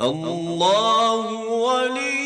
الله ولي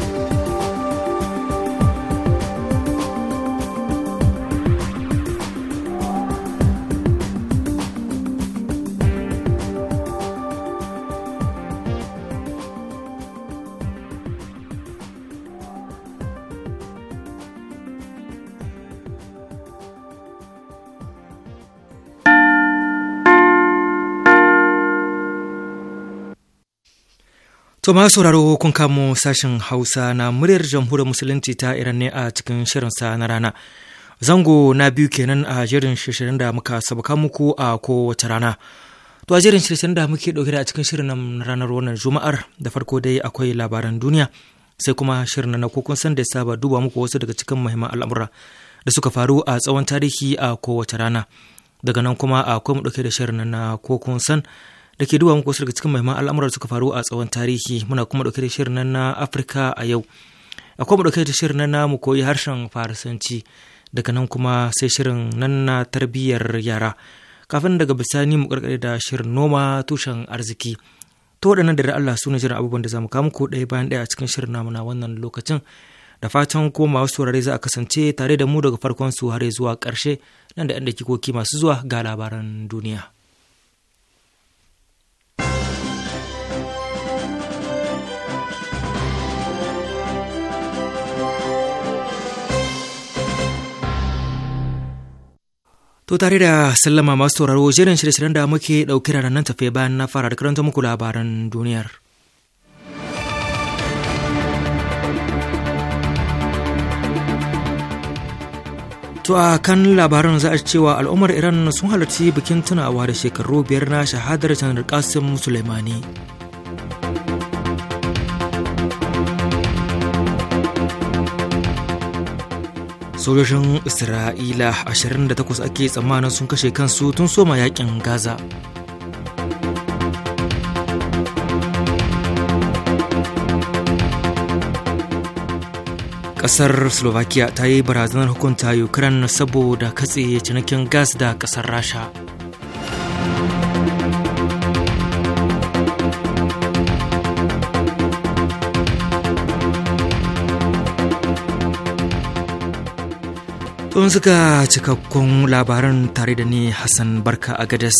To masu sauraro kun kamo sashen Hausa na muryar jamhuriyar Musulunci ta Iran ne a cikin shirinsa na rana. Zango na biyu kenan a jerin shirin da muka sabuka muku a kowace rana. To a jerin shirin da muke ɗauke da a cikin shirin na ranar wannan Juma'ar da farko dai akwai labaran duniya sai kuma shirin na kokon san da saba duba muku wasu daga cikin muhimman al'amura da suka faru a tsawon tarihi a kowace rana. Daga nan kuma akwai mu dauke da shirin na kokon san da ke duba muku wasu daga cikin mahimman al'amuran da suka faru a tsawon tarihi muna kuma dauke da shirin nan na Afirka a yau akwai mu dauke da shirin nan na mu koyi harshen Farisanci daga nan kuma sai shirin nan na tarbiyyar yara kafin daga bisani mu karkare da shirin noma tushen arziki to waɗannan da Allah su ne jiran abubuwan da zamu kawo muku ɗaya bayan ɗaya a cikin shirin namu na wannan lokacin da fatan ko masu saurare za a kasance tare da mu daga farkon su har zuwa karshe nan da 'yan dakikoki masu zuwa ga labaran duniya. To tare da sallama masu tauraro jerin shirye-shiryen da muke ɗauki da nan tafe bayan na fara da karanta muku labaran duniyar. To a kan labaran za a cewa al'ummar Iran sun halarci bikin tunawa da shekaru biyar na shahadar janar Qasim Suleimani. sojojin isra'ila 28 ake tsammanin sun kashe kansu tun soma yakin gaza kasar slovakia ta yi barazanar hukunta ukraine saboda katse cinikin gas da kasar rasha tun suka cikakkun labaran tare da ni Hassan Barka a Gadas.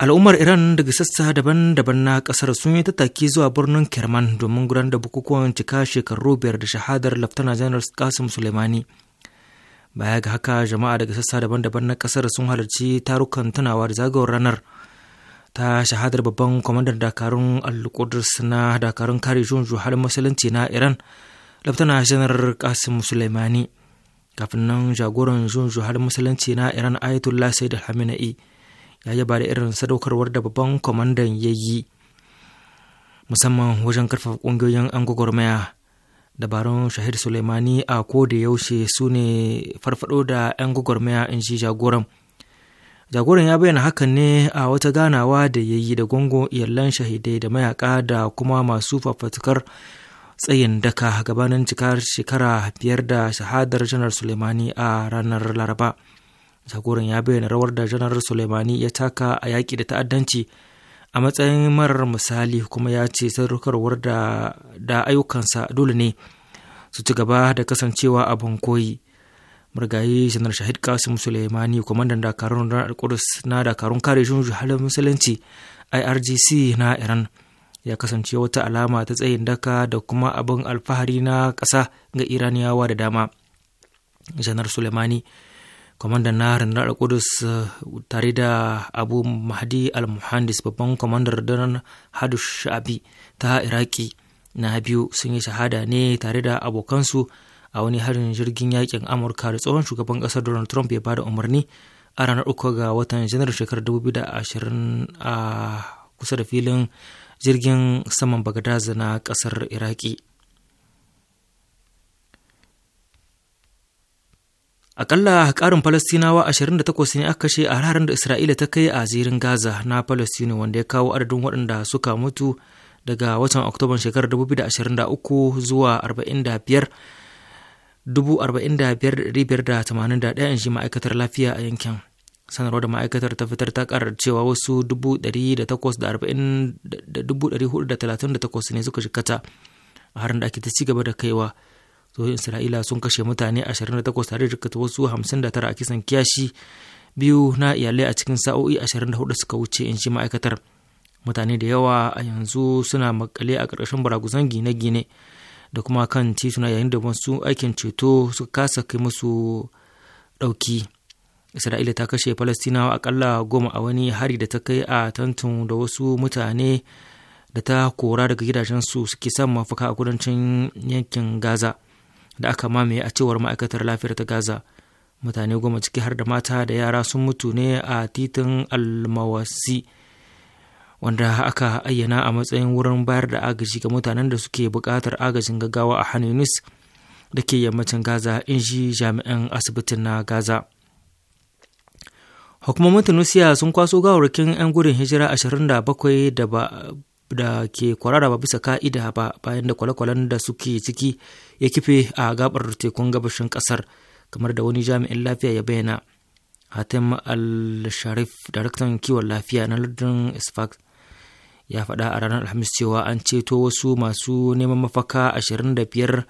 Al'ummar Iran daga sassa daban-daban na kasar sun yi tattaki zuwa birnin Kerman domin gudanar da bukukuwan cika shekaru biyar da shahadar Laftana Janar Kasim Suleimani. Baya ga haka jama'a daga sassa daban-daban na kasar sun halarci tarukan tunawa da zagawar ranar ta shahadar babban kwamandan dakarun al-Qudus na dakarun kare jun juhar musulunci na Iran Laftana Janar kafin nan jagoran junju har musulunci na iran ayatollah sai da haminai ya yaba da irin sadaukarwar da babban kwamandan ya yi musamman wajen karfafa kungiyoyin an gwagwarmaya dabarun shahid sulaimani a ko da yaushe su ne farfado da 'yan gwagwarmaya in ji jagoran jagoran ya bayyana hakan ne a wata ganawa da ya yi da gungun iyalan shahidai da mayaka da kuma masu fafatukar tsayin daka gabanin cikar shekara biyar da shahadar janar sulemani a ranar laraba jagoran ya bayyana rawar da janar sulemani ya taka a yaƙi da ta'addanci a matsayin marar misali kuma ya ce sadaukarwar da ayyukansa dole ne su ci gaba da kasancewa a bankoyi murgayi janar shahid kasim sulemani kwamandan dakarun kudus na dakarun kare shun halin musulunci irgc na iran ya kasance wata alama ta tsayin daka da kuma abin alfahari na ƙasa ga iraniyawa da dama janar sulemani kwamandan na rundunar kudus tare da abu mahdi al-muhandis babban kwamandan rundunar hadu sha'abi ta iraki na biyu sun yi shahada ne tare da abokansu a wani harin jirgin yakin amurka da tsohon shugaban ƙasar donald trump ya bada umarni a ranar uku ga watan janar shekarar 2020 a kusa da filin jirgin saman bagadaza na ƙasar iraki Akalla ƙarin Falastinawa 28 ne aka kashe a harin da Isra'ila ta kai a zirin Gaza na palestina wanda ya kawo adadin waɗanda suka mutu daga watan Oktoban shekarar 2023 zuwa 45,581 in ji ma'aikatar lafiya a yankin. sanarwar da ma'aikatar ta fitar ta karar cewa wasu 1,438 ne suka shikata a harin da ake ta cigaba da kaiwa sojin isra'ila sun kashe mutane 28 tare da jikata wasu 59 a kisan kiyashi biyu na iyalai a cikin sa'o'i 24 suka wuce in shi ma'aikatar mutane da yawa a yanzu suna makale a ƙarƙashin baraguzan gine-gine da kuma kan tituna yayin da wasu aikin ceto suka kasa kai musu ɗauki isra'ila ta kashe falastinawa akalla goma a wani hari da ta kai a tantun da wasu mutane da ta kora daga gidajensu suke son mafaka a kudancin yankin gaza da aka mamaye a cewar ma'aikatar lafiyar ta gaza mutane goma ciki har da mata da yara sun mutu ne a titin almawasi wanda aka ayyana a matsayin wurin bayar da agaji ga mutanen da suke buƙatar agajin gaggawa a hannun da ke yammacin gaza in ji jami'an asibitin na gaza Hukumomin Tunisia sun kwaso gawarkin 'yan gudun hijira 27 da da ke kwarara ba bisa ka'ida ba bayan da kwale-kwalen da suke ciki ya kife a gabar tekun gabashin kasar kamar da wani jami'in lafiya ya bayyana hatem al-sharif daraktan kiwon lafiya na lardin isfax ya faɗa a ranar alhamis cewa an ceto wasu masu neman mafaka 25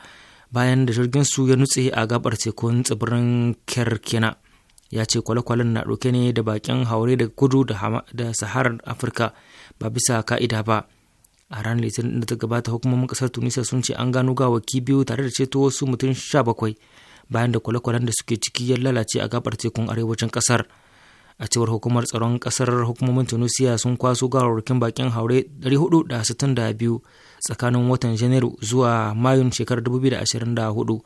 bayan da jirgin su ya nutse a gabar tekun tsibirin kerkena ya ce kwale-kwalen na ɗauke ne da bakin haure daga kudu da saharar afirka ba bisa ka'ida ba a ranar litinin da ta gabata hukumomin kasar tunisia sun ce an gano gawaki biyu tare da ceto wasu mutum sha bakwai bayan da kwale-kwalen da suke ciki ya lalace a gabar tekun arewacin kasar a cewar hukumar tsaron kasar hukumomin tunisia sun kwaso gawarwakin bakin haure 462 tsakanin watan janairu zuwa mayun shekarar 2024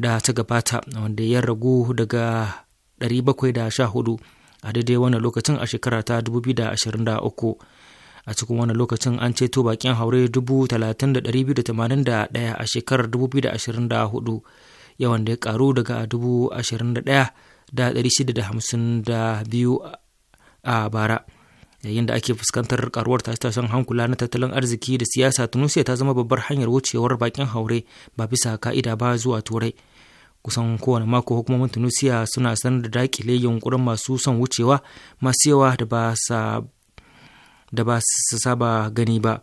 da ta gabata wanda ya ragu daga a daidai wani lokacin a shekara ta 2023 a cikin wani lokacin an ceto bakin haure 30,281 a shekarar 2024 yawan da ya karu daga 21,652 a bara yayin da ake fuskantar karuwar tashe-tashen hankula na tattalin arziki da siyasa tunisia ta zama babbar hanyar wucewar bakin haure ba bisa ka'ida ba zuwa turai kusan kowane mako hukumomin tunisia suna sanar da dakile yunkurin masu son wucewa masu yawa da ba su saba gani ba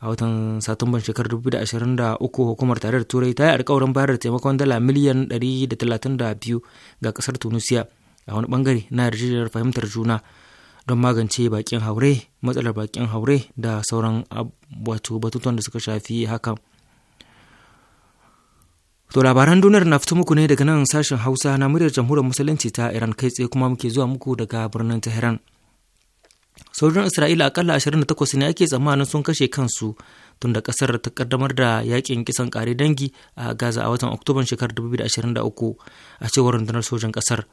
a watan satumban shekarar 2023 hukumar tarayyar turai ta yi alkawarin bayar da taimakon dala miliyan 132 ga kasar tunisia a wani bangare na yarjejeniyar fahimtar juna don magance bakin haure matsalar bakin haure da sauran wato batutuwan da suka shafi hakan To labaran duniyar na fito muku ne daga nan sashen Hausa na muryar jamhuriyar musulunci ta Iran kai tsaye kuma muke zuwa muku daga birnin Tehran. Sojojin Isra'ila akalla 28 ne ake tsammanin sun kashe kansu tun da kasar ta kaddamar da yakin kisan kare dangi a Gaza a watan Oktoban shekarar 2023 a cewar rundunar sojan kasar.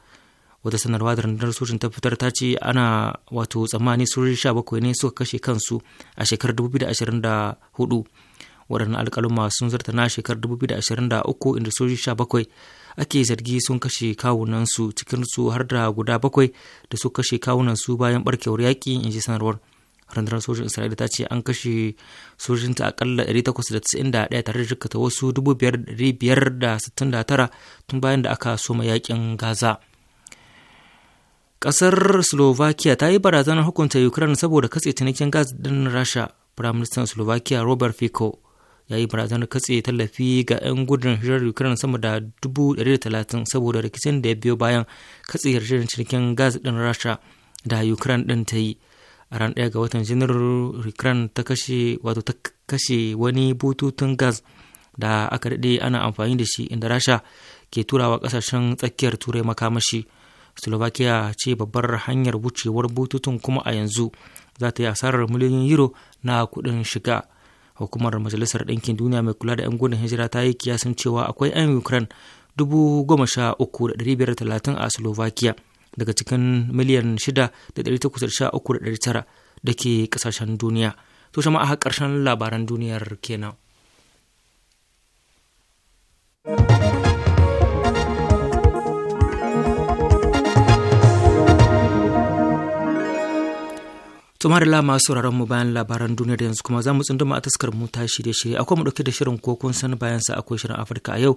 Wata sanarwa da rundunar sojan ta fitar ta ce ana wato tsammani sojoji 17 ne suka kashe kansu a shekarar 2024 waɗannan alƙaluma sun zarta na shekarar 2023 inda soji 17 ake zargi sun kashe kawunansu cikinsu har da guda bakwai da su kashe kawunansu bayan barkewar yaƙi in ji sanarwar rundunar sojin isra'ila ta ce an kashe sojinta akalla 891 tare da jikata wasu 5,569 tun bayan da aka soma yaƙin gaza ƙasar slovakia ta yi barazanar hukunta ukraine saboda katse cinikin gas din rasha firaministan slovakia robert fico ya yi barazanar katse tallafi ga 'yan gudun hijirar ukraine sama da 130 saboda rikicin da ya biyo bayan katse yarjejen cikin gas din rasha da ukraine din ta yi a ran ɗaya ga watan janairu ukraine ta kashe wato ta kashe wani bututun gas da aka daɗe ana amfani da shi inda rasha ke turawa kasashen tsakiyar turai makamashi slovakia ce babbar hanyar wucewar bututun kuma a yanzu za ta yi asarar miliyoyin euro na kuɗin shiga hukumar majalisar ɗinkin duniya mai kula da 'yan gudun hijira ta yi kiyasin cewa akwai 'yan ukraine dubu goma sha uku da ɗari biyar talatin a slovakia daga cikin miliyan shida da ɗari takwas da sha uku da ɗari tara da ke ƙasashen duniya to shama a ƙarshen labaran duniyar kenan. Tsoma da lama sauraron mu bayan labaran duniyar yanzu kuma za mu tsunduma a taskar mu ta shirye-shirye akwai mu dauke da shirin ko kun san bayan sa akwai shirin Afirka a yau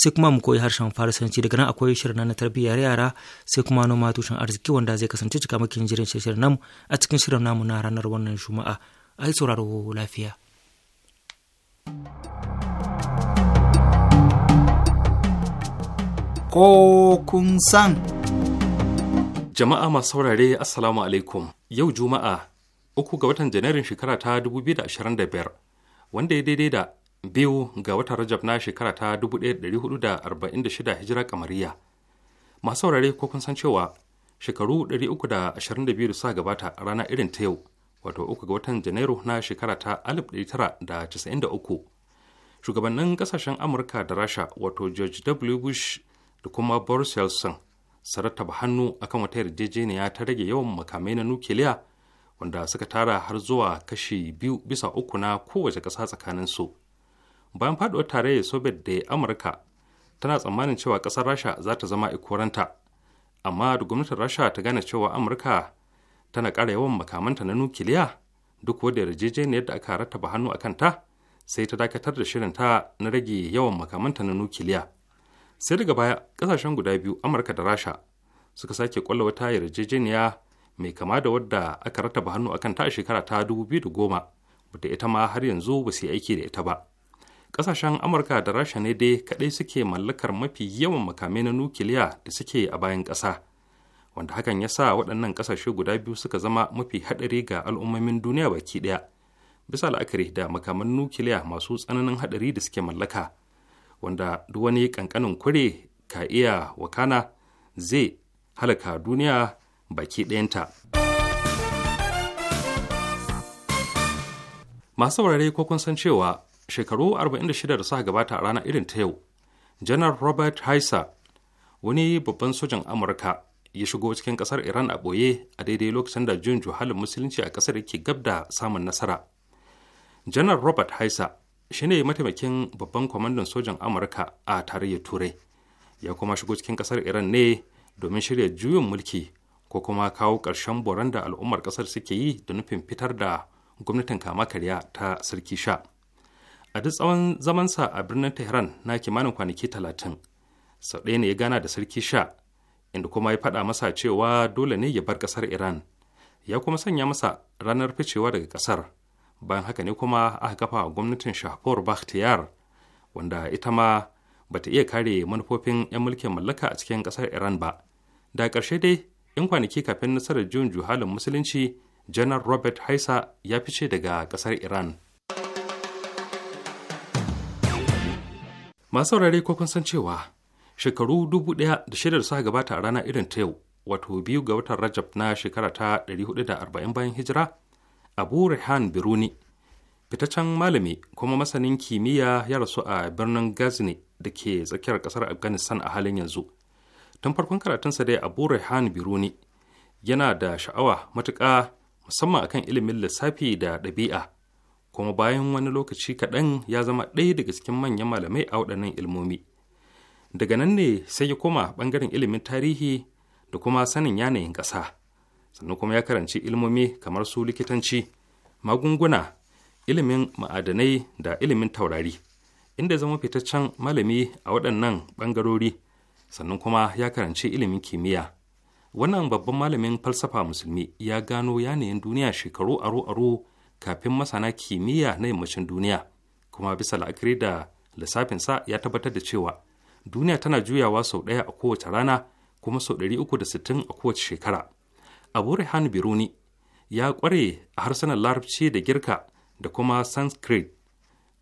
sai kuma mu koyi harshen Farisanci daga nan akwai shirin na tarbiyyar yara sai kuma noma tushen arziki wanda zai kasance cikamakin jirin shirin namu a cikin shirin namu na ranar wannan Juma'a ai sauraro lafiya. Ko kun san. Jama'a masu saurare Assalamu alaikum. yau Juma'a uku ga watan Janairun shekara ta 2025 wanda ya daidai da biyu ga watan Rajab na shekara ta 1446 hijira kamariya. Masu saurare ko kun san cewa shekaru 322 da sa gabata a rana irin ta yau wato uku ga watan Janairu na shekara ta 1993. Shugabannin kasashen Amurka da Rasha wato George W. Bush da kuma Boris Yeltsin su ba hannu akan wata yarjejeniya ta rage yawan makamai na nukiliya wanda suka tara har zuwa kashi biyu bisa uku na kowace ƙasa tsakanin su bayan faduwar tarayyar soviet da amurka tana tsammanin cewa ƙasar rasha za ta zama ikoranta amma da gwamnatin rasha ta gane cewa amurka tana ƙara yawan makamanta na nukiliya duk wadda yarjejeniyar da aka rattaba hannu a ta sai ta dakatar da shirinta na rage yawan makamanta na nukiliya sai daga baya kasashen guda biyu amurka da rasha suka sake kwallo wata yarjejeniya mai kama da wadda aka rataba hannu akan ta a shekara ta goma bata ita ma har yanzu ba su yi aiki da ita ba kasashen amurka da rasha ne dai kadai suke mallakar mafi yawan makamai na nukiliya da suke a bayan kasa wanda hakan ya sa waɗannan ƙasashe guda biyu suka zama mafi haɗari ga al'ummomin duniya baki ɗaya bisa la'akari da makaman nukiliya masu tsananin haɗari da suke mallaka wanda duk wani kankanin kure ka iya wakana zai halaka duniya baki ɗayanta. Masu saurare ko kun san cewa shekaru 46 da suka gabata a rana irin ta yau, Janar Robert Heiser, wani babban sojan Amurka, ya shigo cikin kasar Iran a ɓoye a daidai lokacin da jin juhalin musulunci a kasar yake gab da samun nasara. Janar Robert Heiser ne mataimakin babban kwamandan sojan amurka a tarayyar turai ya kuma shigo cikin kasar iran ne domin shirya juyin mulki ko kuma kawo ƙarshen boran da al'ummar ƙasar suke yi da nufin fitar da gwamnatin kama karya ta sarki sha a duk tsawon zamansa a birnin tehran na kimanin kwanaki talatin sau ɗaya ne ya gana da sarki sha inda kuma ya faɗa masa cewa dole ne ya bar ƙasar iran ya kuma sanya masa ranar ficewa daga ƙasar bayan haka ne kuma aka kafa gwamnatin shahpor bakhtiyar wanda ita ma bata iya kare manufofin 'yan mulkin mallaka a cikin kasar iran ba da ƙarshe dai 'yan kwanaki kafin nasarar juyin juhalin musulunci janar robert haisa ya fice daga kasar iran masu saurare ko kun san cewa shekaru dubu ɗaya da shida suka gabata a rana irin ta yau wato biyu ga watan rajab na shekara ta 440 bayan hijira abu rehan biruni fitaccen malami kuma masanin kimiyya ya rasu a birnin gazni da ke tsakiyar kasar afghanistan a halin yanzu tun farkon karatunsa dai abu rehan biruni yana da sha'awa matuƙa musamman akan ilimin lissafi da ɗabi'a kuma bayan wani lokaci kaɗan ya zama ɗaya daga cikin manyan malamai a waɗannan ilmomi daga nan ne sai ya koma ɓangaren ilimin tarihi da kuma sanin yanayin ƙasa sannan kuma ya karanci ilmomi kamar su likitanci magunguna ilimin ma'adanai da ilimin taurari inda zama fitaccen malami a waɗannan ɓangarori sannan kuma ya karanci ilimin kimiyya wannan babban malamin falsafa musulmi ya gano yanayin duniya shekaru aro-aro kafin masana kimiyya na yammacin duniya kuma bisa la'akari da lissafinsa ya tabbatar da cewa duniya tana juyawa sau ɗaya a kowace rana kuma sau 360 a kowace shekara abu rehan biruni ya ƙware a harsunan larabci da girka da kuma sanskrit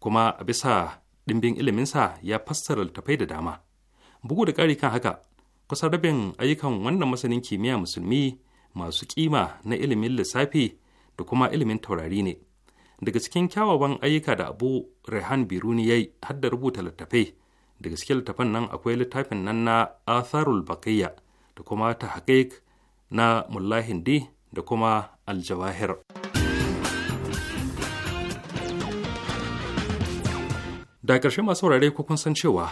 kuma a bisa ɗimbin iliminsa ya fassara littattafai da dama bugu da ƙari kan haka kusan rabin ayyukan wannan masanin kimiyya musulmi masu kima na ilimin lissafi da kuma ilimin taurari ne daga cikin kyawawan ayyuka da abu rehan biruni ya yi rubuta littattafai daga cikin littattafan nan akwai littafin nan na atharul bakayya da kuma ta na mullahin hindi da kuma aljawahir da ƙarshe masu saurare ko kun san cewa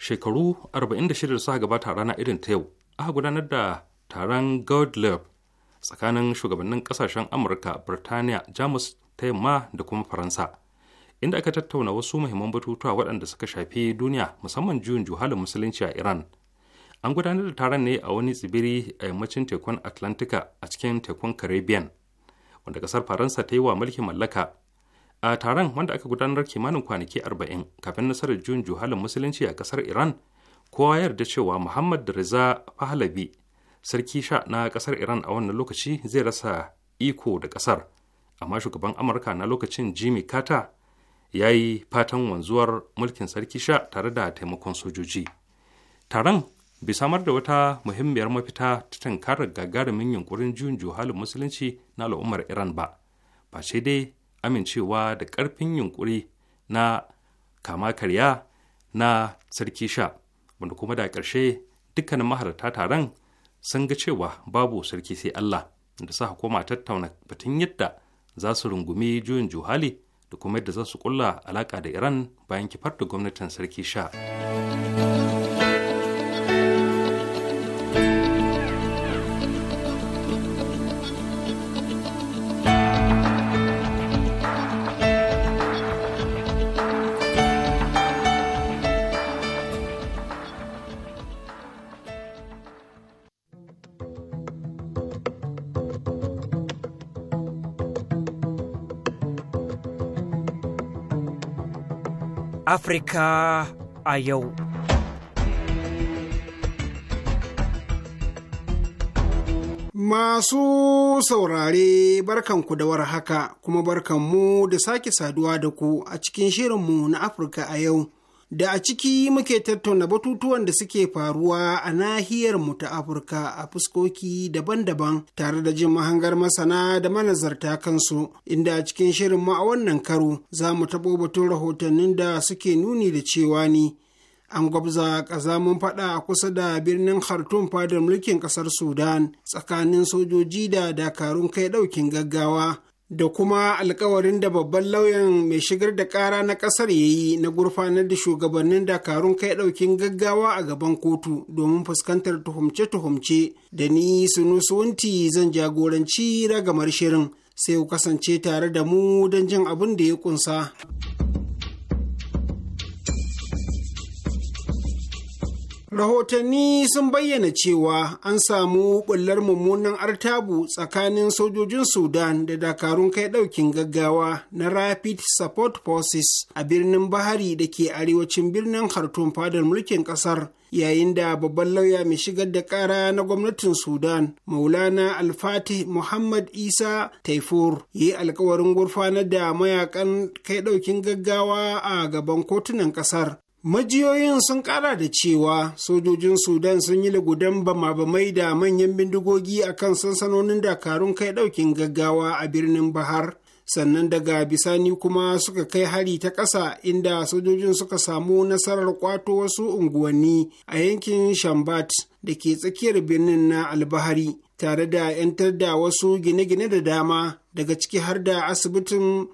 shekaru 46 suka gabata rana irin ta yau aka gudanar da taron gold tsakanin shugabannin ƙasashen amurka birtaniya jamus ta yamma da kuma faransa inda aka tattauna wasu muhimman batutuwa waɗanda suka shafi duniya musamman juyin juhalin musulunci a iran an gudanar da taron ne a wani tsibiri a yammacin tekun atlantika a cikin tekun caribbean wanda kasar faransa ta yi wa mulkin mallaka a taron wanda aka gudanar kimanin kwanaki arba'in kafin nasarar juyin juhalin musulunci a kasar iran kowa yarda cewa muhammad da riza Fahalabi, sarki sha na kasar iran a wannan lokaci zai rasa iko da kasar amma shugaban amurka na lokacin jimmy carter ya yi fatan wanzuwar mulkin sarki sha tare da taimakon sojoji taron bai samar da wata muhimmiyar mafita ta tankarar gagarumin yunkurin juyin juhalin musulunci na al'ummar iran ba ba sai dai amincewa da ƙarfin yunkuri na kama karya na sarki sha wanda kuma da ƙarshe dukkanin maharata taron sun ga cewa babu sarki sai allah da sa koma tattauna batun yadda za su rungumi juyin juhali da kuma yadda za su kulla alaƙa da iran bayan kifar da gwamnatin sarki sha. Afrika a yau. Masu saurare barkanku da war haka kuma barkanmu da sake saduwa da ku a cikin shirinmu na Afirka a yau. da a ciki muke tattauna batutuwan da suke faruwa a nahiyar mu ta Afirka a fuskoki daban-daban tare da jin mahangar masana da manazarta kansu inda a cikin shirin mu a wannan karo za mu taɓo batun rahotannin da suke nuni da cewa ne an gwabza ƙazamin faɗa a kusa da birnin Khartoum fadar mulkin ƙasar Sudan tsakanin sojoji da dakarun kai ɗaukin gaggawa da kuma alkawarin da babban lauyan mai shigar da kara na kasar ya yi na gurfanar da shugabannin dakarun kai daukin gaggawa a gaban kotu domin fuskantar tuhumce-tuhumce da ni sunusunti zan jagoranci ragamar shirin sai ku kasance tare da mu don jin abin da ya kunsa. rahotanni sun bayyana cewa an samu bullar mummunan artabu tsakanin sojojin sudan da dakarun kai daukin gaggawa na rapid support forces a birnin bahari da ke arewacin birnin khartoum fadar mulkin kasar yayin da babban lauya mai shigar da kara na gwamnatin sudan maulana alfatih muhammad isa taifur ya yi alkawarin gurfanar da mayakan kai daukin gaggawa a gaban kotunan kasar majiyoyin sun kara da cewa sojojin sudan sun yi lagudan bama-bamai da manyan bindigogi a kan sansanonin dakarun kai daukin gaggawa a birnin bahar sannan daga bisani kuma suka kai hari ta ƙasa inda sojojin suka samu nasarar kwato wasu unguwanni a yankin shambat da ke tsakiyar birnin na albahari tare da 'yantar da wasu gine-gine da dama daga ciki har da asibitin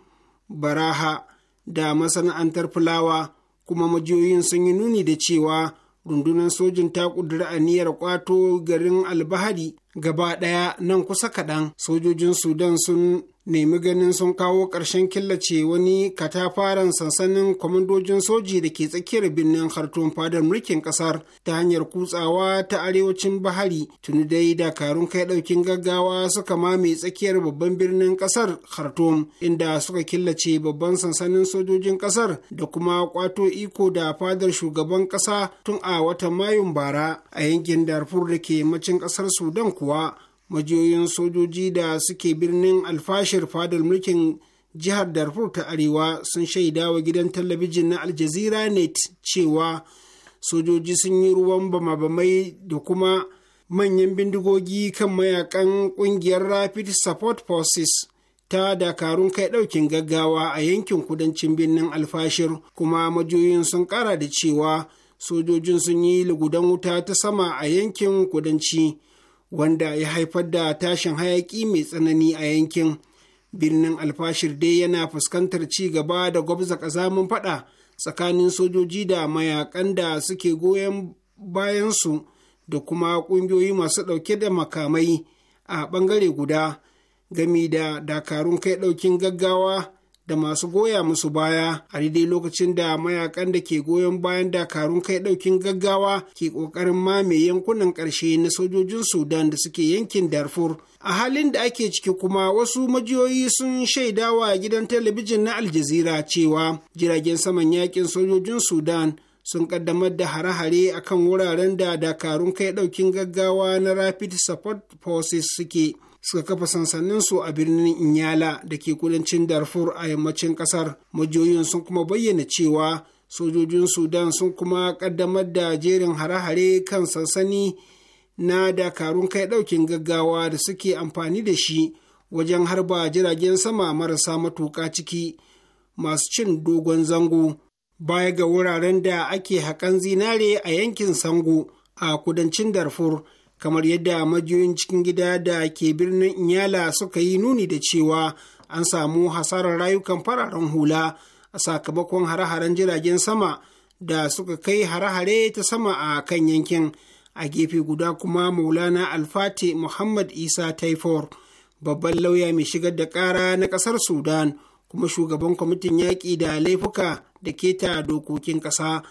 baraha da masana'antar fulawa kuma majiyoyin sun yi nuni da cewa rundunar sojin ta a aniyar kwato garin albahari gaba ɗaya nan kusa kaɗan sojojin sudan sun nemi ganin sun kawo ƙarshen killace wani katafaren sansanin kwamandojin soji da ke tsakiyar birnin hartun fadar mulkin ƙasar ta hanyar kutsawa ta arewacin bahari tuni dai dakarun kai ɗaukin gaggawa suka mame tsakiyar babban birnin ƙasar hartum inda suka killace babban sansanin sojojin ƙasar da kuma kwato iko da fadar shugaban ƙasa tun a watan mayun bara a yankin darfur da ke macin ƙasar sudan kuwa majiyoyin sojoji da suke birnin alfashir fadar mulkin jihar darfur ta arewa sun shaida wa gidan talabijin na aljazeera net cewa sojoji sun yi ruwan bama-bamai da kuma manyan bindigogi kan mayakan kungiyar rapid support forces ta dakarun kai daukin gaggawa a yankin kudancin birnin alfashir kuma majiyoyin sun kara da cewa sojojin sun yi lugudan wuta ta sama a yankin kudanci wanda ya haifar da tashin hayaki mai tsanani a yankin birnin alfashir dai yana fuskantar ci gaba da gwabza kazamin faɗa tsakanin sojoji da mayakan da suke goyon bayansu da kuma ƙungiyoyi masu ɗauke da makamai a ɓangare guda gami da dakarun kai ɗaukin gaggawa da masu goya musu baya a daidai lokacin da mayakan da ke goyon bayan dakarun kai daukin gaggawa ke kokarin mame yankunan karshe na sojojin sudan da suke yankin darfur a halin da ake ciki kuma wasu majiyoyi sun shaidawa gidan talabijin na aljazira cewa jiragen saman yakin sojojin sudan sun kaddamar da hare-hare akan wuraren da dakarun kai daukin gaggawa na rapid support forces suke suka kafa sansaninsu a birnin Inyala da ke kudancin Darfur a yammacin kasar. Majiyoyin sun kuma bayyana cewa sojojin Sudan sun kuma kaddamar da jerin hare-hare kan sansani na dakarun kai ɗaukin gaggawa da suke amfani da shi wajen harba jiragen sama marasa matuƙa ciki masu cin dogon zango baya ga wuraren da ake haƙan zinare a yankin sango a kudancin Darfur. kamar yadda majiyoyin cikin gida da ke birnin inyala suka yi nuni da cewa an samu hasarar rayukan fararen hula a sakamakon hare-haren jiragen sama da suka kai hare-hare ta sama a kan yankin a gefe guda kuma maulana alfati muhammad isa taifor babban lauya mai shigar da kara na kasar sudan kuma shugaban kwamitin yaƙi da laifuka da keta dokokin ƙasa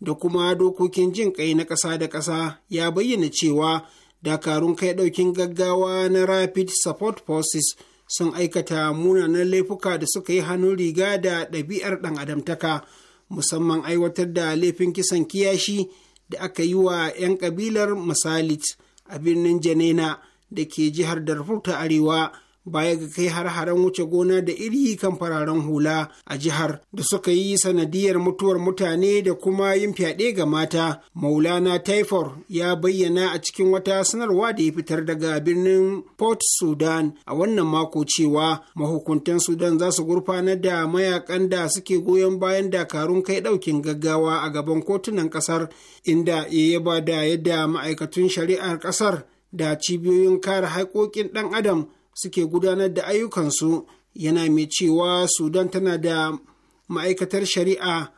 da kuma dokokin jin kai na ƙasa da ƙasa ya bayyana cewa dakarun kai ɗaukin gaggawa na rapid support forces sun aikata munanan laifuka da suka yi hannun riga da ɗabi'ar ɗan adamtaka musamman aiwatar da laifin kisan kiyashi da aka yi wa 'yan ƙabilar masalit a birnin janena da ke jihar darfur ta arewa baya ga kai har-haren wuce gona da iri kan fararen hula a jihar da suka yi sanadiyar mutuwar mutane da kuma yin fyaɗe ga mata maulana taifor ya bayyana a cikin wata sanarwa da ya fitar daga birnin port sudan a wannan mako cewa mahukuntan sudan za su gurfanar da mayakan da suke goyon bayan dakarun kai ɗaukin gaggawa a gaban kotunan ƙasar inda ya ba da yadda ma'aikatun shari'ar ƙasar da cibiyoyin kare haƙoƙin ɗan adam suke gudanar da ayyukansu yana mai cewa sudan tana da ma'aikatar shari'a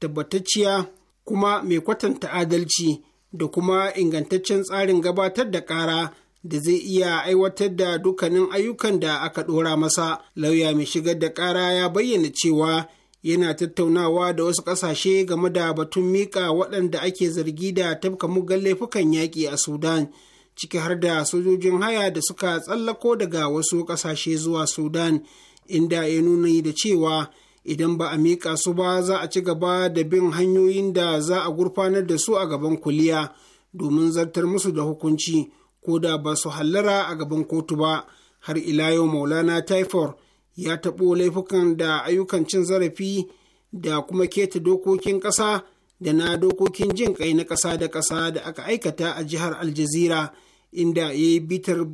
tabbatacciya kuma mai kwatanta adalci da kuma ingantaccen tsarin gabatar da ƙara da zai iya aiwatar da dukkanin ayyukan da aka ɗora masa lauya mai shigar da ƙara ya bayyana cewa yana tattaunawa da wasu ƙasashe game da batun miƙa waɗanda ake zargi da tafka mugan laifukan yaƙi a sudan ciki har da sojojin haya da suka tsallako daga wasu ƙasashe zuwa sudan inda ya nuna da cewa idan ba a miƙa su ba za a ci gaba da bin hanyoyin da za a gurfanar da su a gaban kuliya domin zartar musu da hukunci ko da ba su hallara a gaban kotu ba har ila yau maulana taifor ya taɓo laifukan da ayyukan cin zarafi da kuma keta dokokin ƙasa da na dokokin jin ƙai na ƙasa da ƙasa da aka aikata a jihar aljazira inda ya yi bitar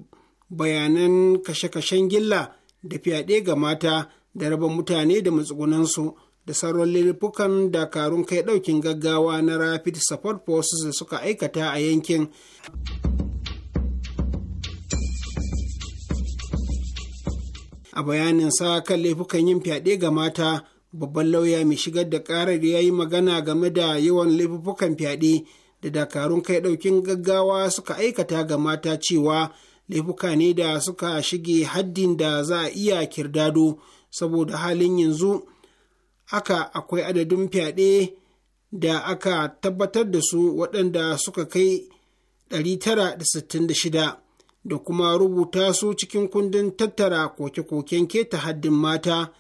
bayanan kashe-kashen gilla da fyaɗe ga mata da raba mutane da matsugunansu da sauran laifukan dakarun kai ɗaukin gaggawa na rapid support forces da suka aikata a yankin. a bayanin sa kan laifukan yin fyaɗe ga mata babban lauya mai shigar da ƙarar ya yi magana game da yawan laifukan fyaɗe da dakarun kai ɗaukin gaggawa suka aikata ga mata cewa laifuka ne da suka shige haddin da za a iya kirdado saboda halin yanzu haka akwai adadin fyaɗe da aka tabbatar da su waɗanda suka kai 966 da kuma rubuta su cikin kundin tattara koke-koken keta haddin mata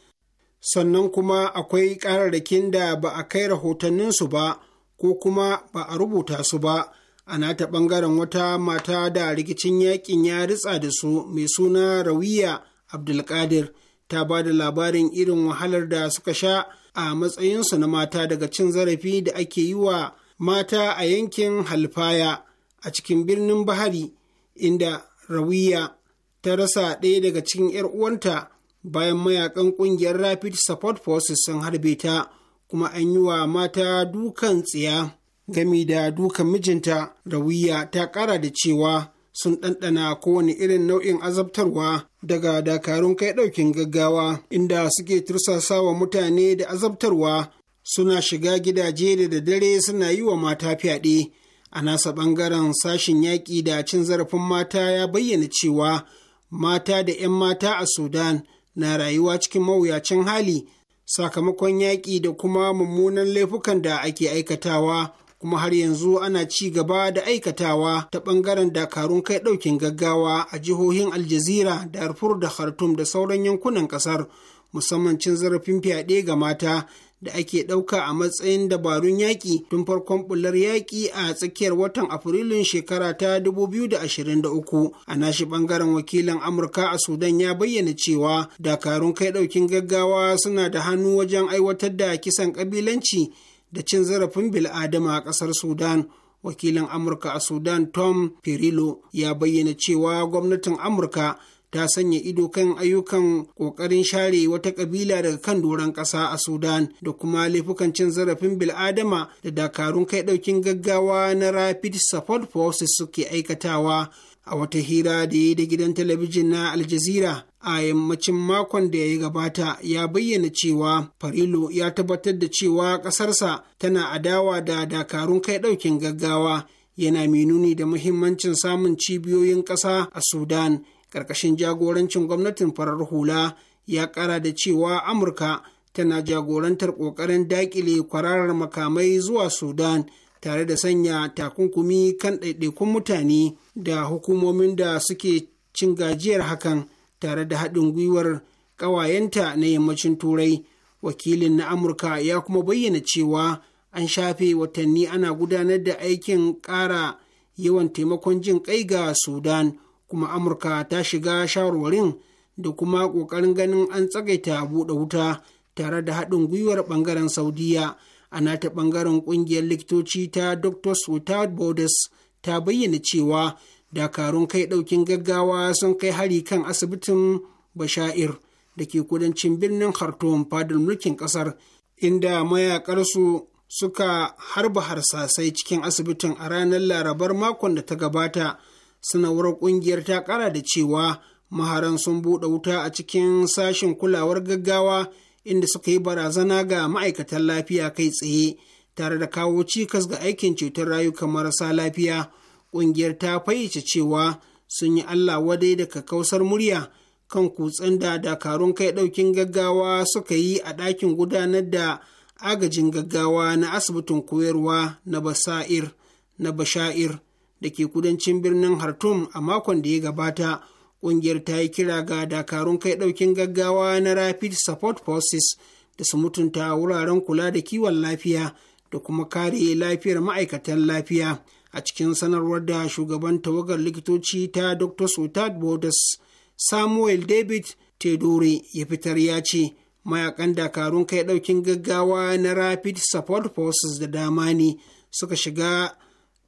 sannan kuma akwai ƙararrakin da ba a kai rahotanninsu ba ko kuma ba a rubuta su ba a nata ɓangaren wata mata da rikicin yakin ya ritsa da su mai suna rawiya abdulkadir ta ba da labarin irin wahalar da suka sha a matsayinsu na mata daga cin zarafi da ake yi wa mata a yankin halfaya a cikin birnin bahari inda rawiya ta rasa ɗaya daga cikin 'yar uwanta bayan mayakan ƙungiyar rapid support forces sun harbe ta kuma an yi wa mata dukan tsiya gami da dukan mijinta rawiya ta ƙara da cewa sun ɗanɗana kowane irin nau'in azabtarwa daga dakarun kai ɗaukin gaggawa inda suke tursasawa mutane da azabtarwa suna shiga gidaje da daddare suna yi wa mata fyaɗe a nasa ɓangaren sashin yaƙi da cin zarafin mata ya bayyana cewa mata da 'yan mata a sudan na rayuwa cikin mawuyacin hali sakamakon yaƙi da kuma mummunan laifukan da ake aikatawa kuma har yanzu ana ci gaba da aikatawa ta ɓangaren dakarun kai ɗaukin gaggawa a jihohin aljazira da da khartum da sauran yankunan ƙasar musamman cin zarafin fyaɗe ga mata da ake ɗauka a matsayin dabarun yaƙi tun farkon bular yaƙi a tsakiyar watan afrilun shekara ta 2023 a nashi ɓangaren wakilin amurka a sudan ya bayyana cewa dakarun kai ɗaukin gaggawa suna da hannu wajen aiwatar da kisan ƙabilanci da cin zarafin bil'adama a ƙasar sudan wakilin amurka a sudan tom perillo ya bayyana cewa gwamnatin amurka ta sanya ido kan ayyukan ƙoƙarin share wata ƙabila daga kan doron ƙasa a Sudan da kuma laifukan cin zarafin bil'adama da dakarun kai ɗaukin gaggawa na Rapid Support Forces suke aikatawa. a wata hira da ya yi da gidan talabijin na aljazira a yammacin makon da ya gabata ya bayyana cewa farilo ya tabbatar da cewa ƙasarsa tana adawa da dakarun kai ɗaukin gaggawa yana mai nuni da muhimmancin samun cibiyoyin ƙasa a sudan ƙarƙashin jagorancin gwamnatin farar hula ya ƙara da cewa amurka tana jagorantar ƙoƙarin daƙile kwararar makamai zuwa sudan tare da sanya takunkumi kan ɗaiɗaikun mutane da hukumomin da suke cin gajiyar hakan tare da haɗin gwiwar ƙawayenta na yammacin turai wakilin na amurka ya kuma bayyana cewa an shafe watanni ana gudanar da aikin ƙara yawan taimakon jin ƙai ga sudan kuma amurka ta shiga shawarwarin da kuma ƙoƙarin ganin an tsagaita buɗe wuta tare da haɗin gwiwar ɓangaren saudiya a nata ɓangaren ƙungiyar likitoci ta doctors without borders ta bayyana cewa dakarun kai ɗaukin gaggawa sun kai hari kan asibitin bashair da ke kudancin birnin khartoum fadar mulkin ƙasar inda mayakarsu suka harba harsasai cikin asibitin a ranar larabar makon da ta gabata sanawar kungiyar ta kara da cewa maharan sun buɗe wuta a cikin sashen kulawar gaggawa inda suka yi barazana ga ma'aikatan lafiya kai tsaye tare da kawo cikas ga aikin ceton rayuka marasa lafiya kungiyar ta fayyace cewa sun yi allah wadai da kausar murya kan kutsen da dakarun kai ɗaukin gaggawa suka yi a ɗakin gudanar da agajin gaggawa na asibitin koyarwa na basa'ir na bashair da ke kudancin birnin hartum a makon da ya gabata. Ƙungiyar ta yi kira ga dakarun kai ɗaukin gaggawa na Rapid Support Forces da su mutunta wuraren kula da kiwon lafiya da kuma kare lafiyar ma'aikatan lafiya. A cikin sanarwar da shugaban tawagar likitoci ta Dr. Sultan Borders Samuel David Tedore ya fitar ya ce, mayakan dakarun kai ɗaukin gaggawa na Rapid Support Forces da dama ne suka shiga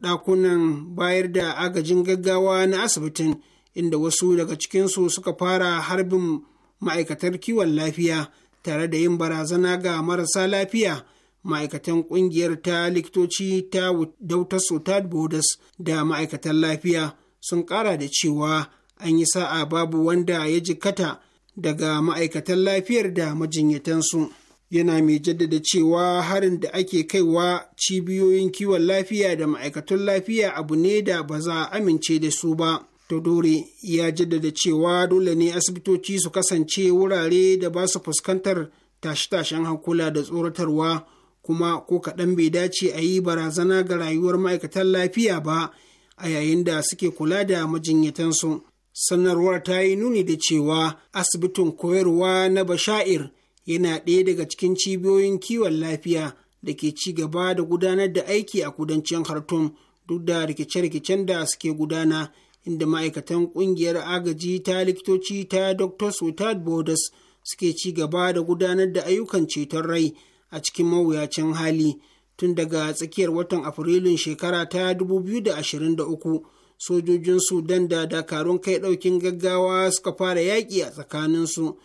Dakunan bayar da agajin gaggawa na asibitin inda wasu daga cikinsu suka fara harbin ma'aikatar kiwon lafiya tare da yin barazana ga marasa lafiya ma'aikatan ƙungiyar ta likitoci ta dautar sotad bodas da ma'aikatan lafiya sun ƙara da cewa an yi sa'a babu wanda ya jikkata daga ma'aikatan lafiyar da majinyatansu. yana mai jaddada cewa harin da ake kaiwa cibiyoyin kiwon lafiya da ma'aikatan lafiya abu ne da ba za a amince da su ba. dore ya jaddada cewa dole ne asibitoci su kasance wurare da ba su fuskantar tashe-tashen hankula da tsoratarwa kuma ko kaɗan bai dace a yi barazana ga rayuwar ma'aikatan lafiya ba a yayin da suke kula da majinyatansu. Sanarwar ta yi nuni da cewa asibitin koyarwa na Bashair yana ɗaya daga cikin cibiyoyin kiwon lafiya da ke ci gaba da gudanar da aiki a kudancin Khartoum duk da rikice-rikicen da suke gudana inda ma'aikatan ƙungiyar agaji ta likitoci ta Doctors Without Borders suke ci gaba da gudanar da ayyukan ceton rai a cikin mawuyacin hali tun daga tsakiyar watan Afrilun shekara ta 2023. Sojojin Sudan da dakarun kai ɗaukin gaggawa suka fara yaƙi a tsakaninsu.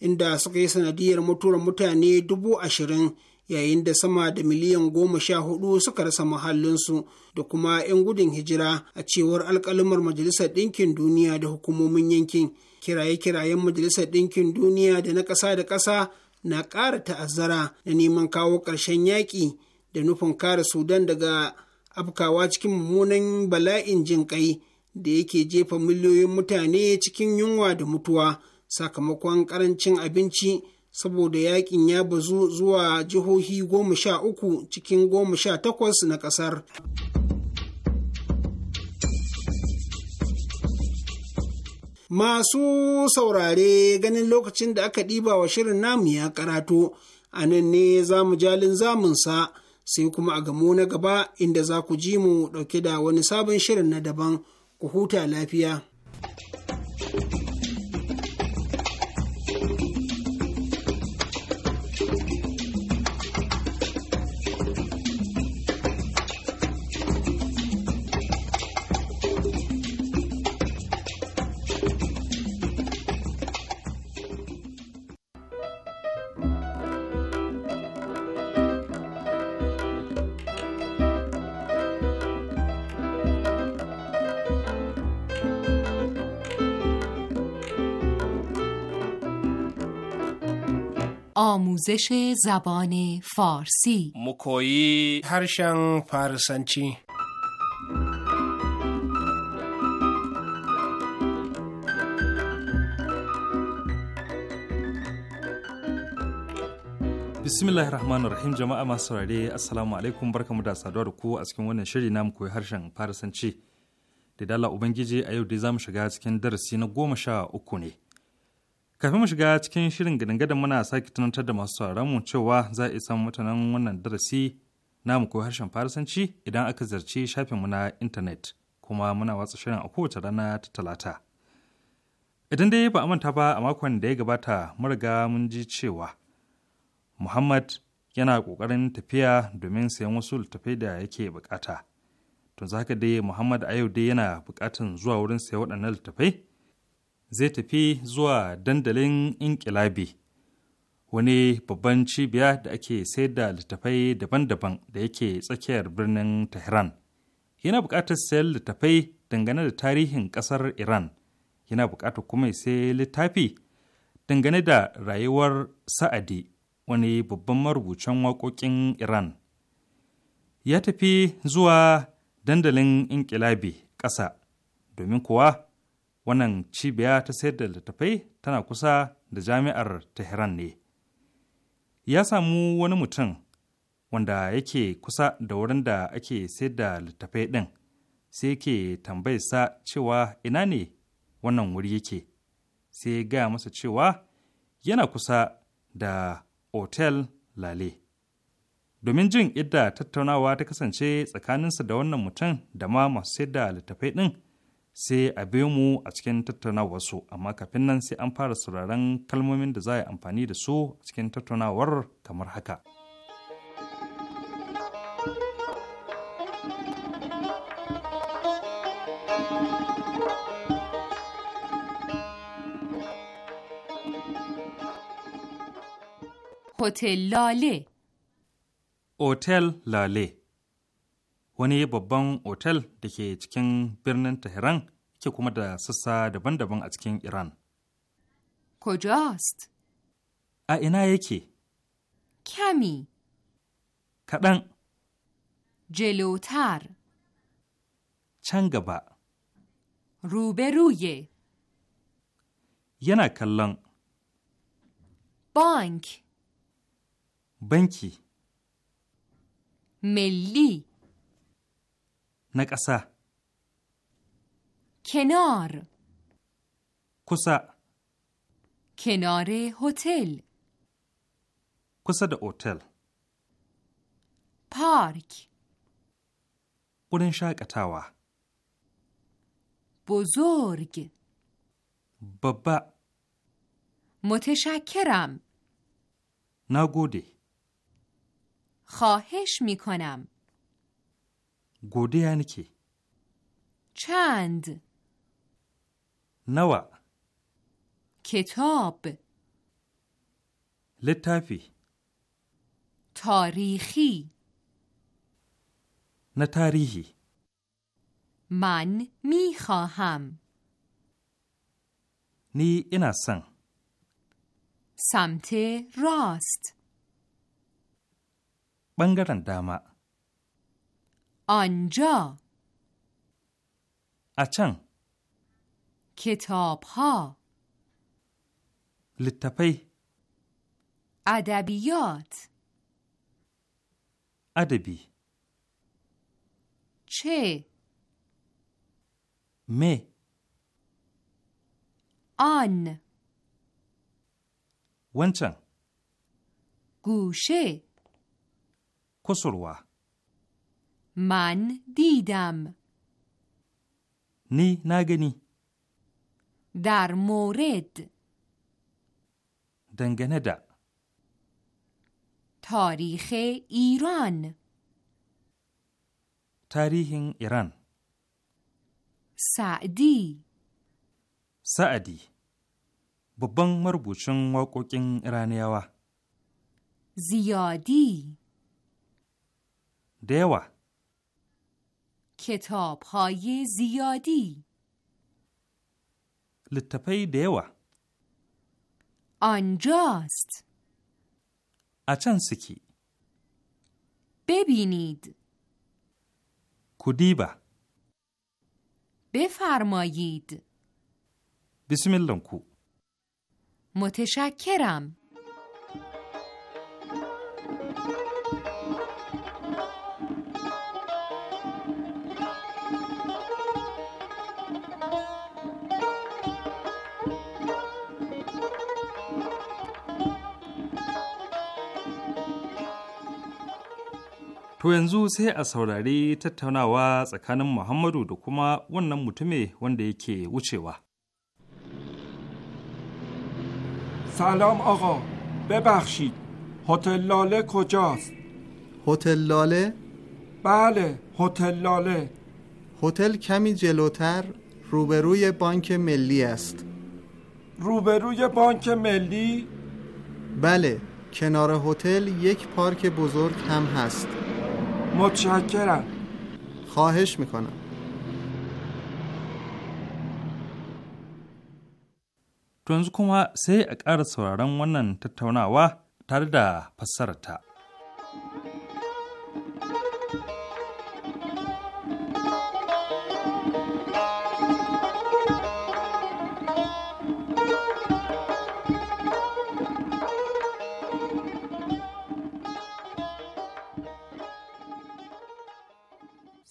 inda suka yi sanadiyar mutuwar mutane dubu ashirin yayin da sama da miliyan goma sha hudu suka rasa mahallinsu da kuma 'yan gudun hijira a cewar alkalumar majalisar ɗinkin duniya da hukumomin yankin kiraye-kirayen majalisar ɗinkin duniya da na ƙasa da ƙasa na ƙara ta'azzara na neman kawo ƙarshen yaƙi da nufin kare sudan daga afkawa cikin mummunan bala'in jin ƙai da yake jefa miliyoyin mutane cikin yunwa da mutuwa sakamakon karancin abinci saboda yakin ya bazu zuwa jihohi goma sha uku cikin goma sha takwas na kasar. Masu saurare ganin lokacin da aka ɗiba wa shirin namu ya karatu a nan ne za mu jalin zamunsa sai kuma a gamo na gaba inda za ku ji mu ɗauke da wani sabon shirin na daban ku huta lafiya. آموزش زبان فارسی مکویی هرشن فارسنچی bismillahir rahmanir rahim jama'a masu saurare assalamu alaikum barkamu da saduwa da ku a cikin wannan shiri na mu koyi harshen farisanci da dala ubangiji a yau dai zamu shiga cikin darasi na goma sha uku ne Kafin mu shiga cikin shirin gidan muna sake tunantar da masu mu cewa za a isa mutanen wannan darasi namu ko harshen Faransanci idan aka zarci mu na intanet kuma muna watsa shirin a kowace rana ta talata. Idan dai ba a manta ba a makon da ya gabata mun riga mun ji cewa Muhammad yana ƙoƙarin tafiya domin sayan wasu littattafai da yake bukata. To za ka dai Muhammad a yau dai yana bukatan zuwa wurin sayan waɗannan littattafai zai tafi zuwa dandalin inkilabi wani babban cibiya da ake sayar da littafai daban-daban da yake tsakiyar birnin tehran yana buƙatar sayar littafai dangane da tarihin ƙasar iran yana buƙatar kuma ya sayi littafi dangane da rayuwar sa'adi wani babban marubucin waƙoƙin iran ya tafi zuwa dandalin inkilabi ƙasa domin kuwa wannan cibiya ta sayar da littattafai tana kusa da jami'ar tehran ne ya samu wani mutum wanda yake kusa da wurin da ake sayar da littattafai ɗin sai yake tambayarsa cewa ina ne wannan wuri yake sai ya gaya masa cewa yana kusa da otel lale domin jin idda tattaunawa ta kasance tsakaninsa da wannan mutum da ma masu sayar da littattafai ɗin sai a bi mu a cikin tattaunawar su amma kafin nan sai an fara sauraron kalmomin da za a yi amfani da su a cikin tattaunawar kamar haka. Hotel lale. Hotel lale. wani babban otel da ke cikin birnin Tehran ke kuma da sassa daban-daban a cikin Iran. Kojost? A ina yake? Kyami. Kaɗan. Jelotar. Can gaba. Ruberuye. Yana kallon. Bank. Banki. Melli. na کنار kusa کنار هتل kusa د هتل. پارک اورن shakatawa بزرگ بابا متشکرم نگودی خواهش می کنم گوده یعنی کی؟ چند نوا؟ کتاب لطفی تاریخی نه من می خواهم نی این اصن سمت راست بنگرن دامه آنجا اچن کتاب ها لطفی ادبیات ادبی چه می آن ونچن گوشه کسروا من دیدم نی نگنی در مورد دنگنه دا تاریخ ایران تاریخ ایران سعدی سعدی babban marubucin waƙoƙin Iraniyawa. Ziyadi Da yawa کتاب های زیادی لطفه دیوه آنجاست اچن سکی ببینید کدیبه بفرمایید بسم الله کو متشکرم To yanzu sai a saurari tattaunawa tsakanin Muhammadu da kuma wannan mutume wanda yake wucewa. سلام آقا ببخشید هتل لاله کجاست؟ هتل لاله؟ بله هتل لاله هتل کمی جلوتر روبروی بانک ملی است روبروی بانک ملی؟ بله کنار هتل یک پارک بزرگ هم هست متشکرم خواهش میکنم To yanzu kuma sai a ƙara sauraron wannan tattaunawa tare da ta.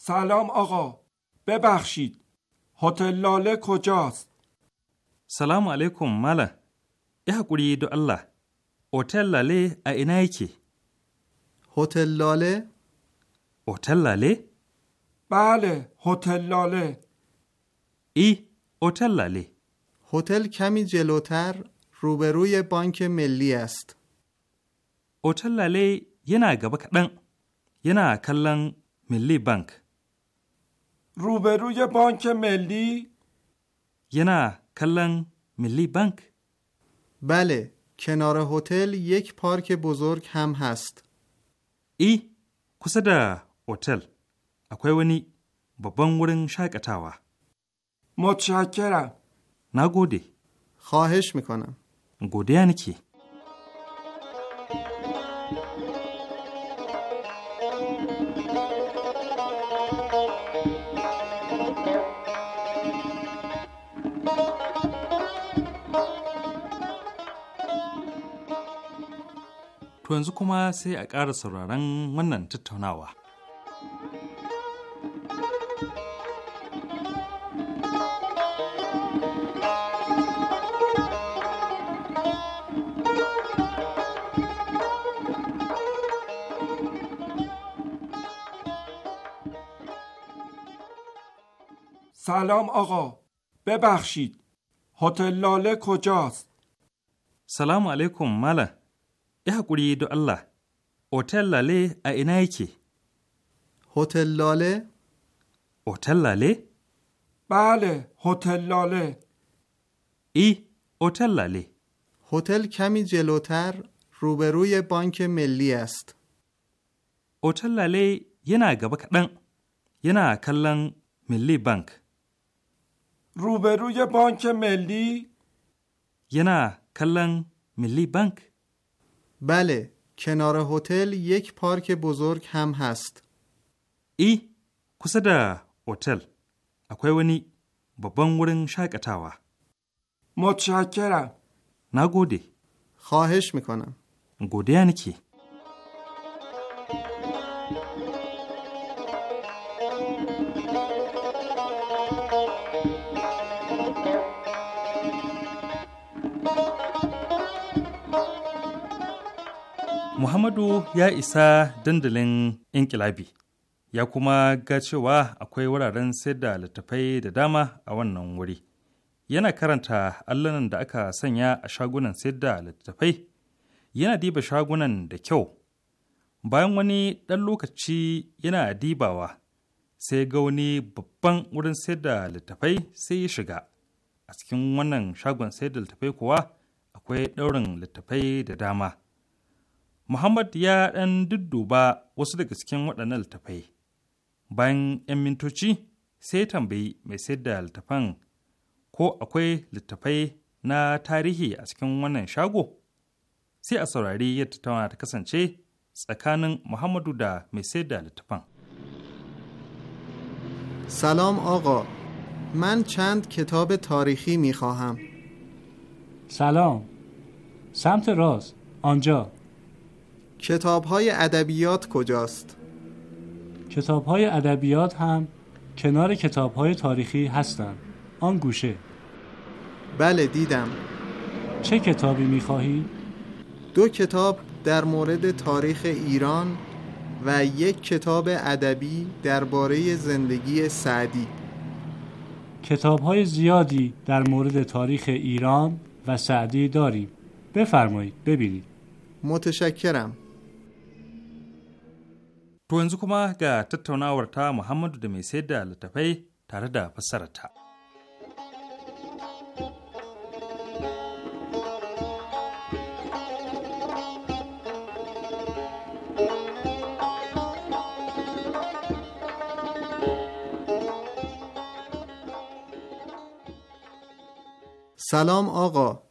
سلام آقا ببخشید هتل لاله کجاست سلام علیکم مالا ای دو الله هتل لاله اینا یکی هتل لاله هتل لاله بله هتل لاله ای هتل لاله هتل کمی جلوتر روبروی بانک ملی است هتل لاله ینا بکنن. یه ینا کلن ملی بانک. روبروی بانک ملی؟ یه نه کلن ملی بانک بله کنار هتل یک پارک بزرگ هم هست ای کسه ده هتل اکوی ونی با بانگورن شاک اتاوا متشکرم نگودی خواهش میکنم گودی یعنی کی؟ To yanzu kuma sai a ƙara sauraron wannan tattaunawa. سلام آقا ببخشید هتل لاله کجاست سلام علیکم مله Ya haƙuri do Allah, Hotel Lale a ina yake? Hotel Lale? Hotel Lale? Bale, Hotel Lale. I, Hotel Lale. Hotel kami jelotar ruberuye banki milli est. Hotel Lale yana gaba kaɗan yana kallon milli bank. Ruberuye banki milli? Yana kallon milli bank? بله کنار هتل یک پارک بزرگ هم هست ای کوسه ده هتل اکوی ونی بابان ورن شاکتاوا متشکرم نگودی خواهش میکنم گودی یعنی Muhammadu ya isa dandalin inkilabi ya kuma ga cewa akwai wuraren sayar da littattafai da dama a wannan wuri. Yana karanta allanan da aka sanya a shagunan sayar da littattafai, yana diba shagunan da kyau. Bayan wani ɗan lokaci yana dibawa, sai ga wani babban wurin sayar da littattafai sai ya shiga. A cikin wannan shagon sayar da littattafai kuwa akwai ɗaurin littattafai da dama. Muhammad ya ɗan dudduba wasu daga cikin waɗannan littafai. Bayan 'yan mintoci sai tambayi mai sayar da littafan ko akwai littafai na tarihi a cikin wannan shago? Sai a saurari yadda tattauna ta kasance tsakanin Muhammadu da mai sayar da littafan. Salam آقا من چند کتاب تاریخی می خواهم سلام سمت راست آنجا کتاب های ادبیات کجاست؟ کتاب های ادبیات هم کنار کتاب های تاریخی هستند. آن گوشه. بله دیدم. چه کتابی میخواهی؟ دو کتاب در مورد تاریخ ایران و یک کتاب ادبی درباره زندگی سعدی. کتاب های زیادی در مورد تاریخ ایران و سعدی داریم. بفرمایید ببینید. متشکرم. To yanzu kuma ga tattaunawar ta Muhammadu da mai sayar da littafai tare da fassararta. سلام آقا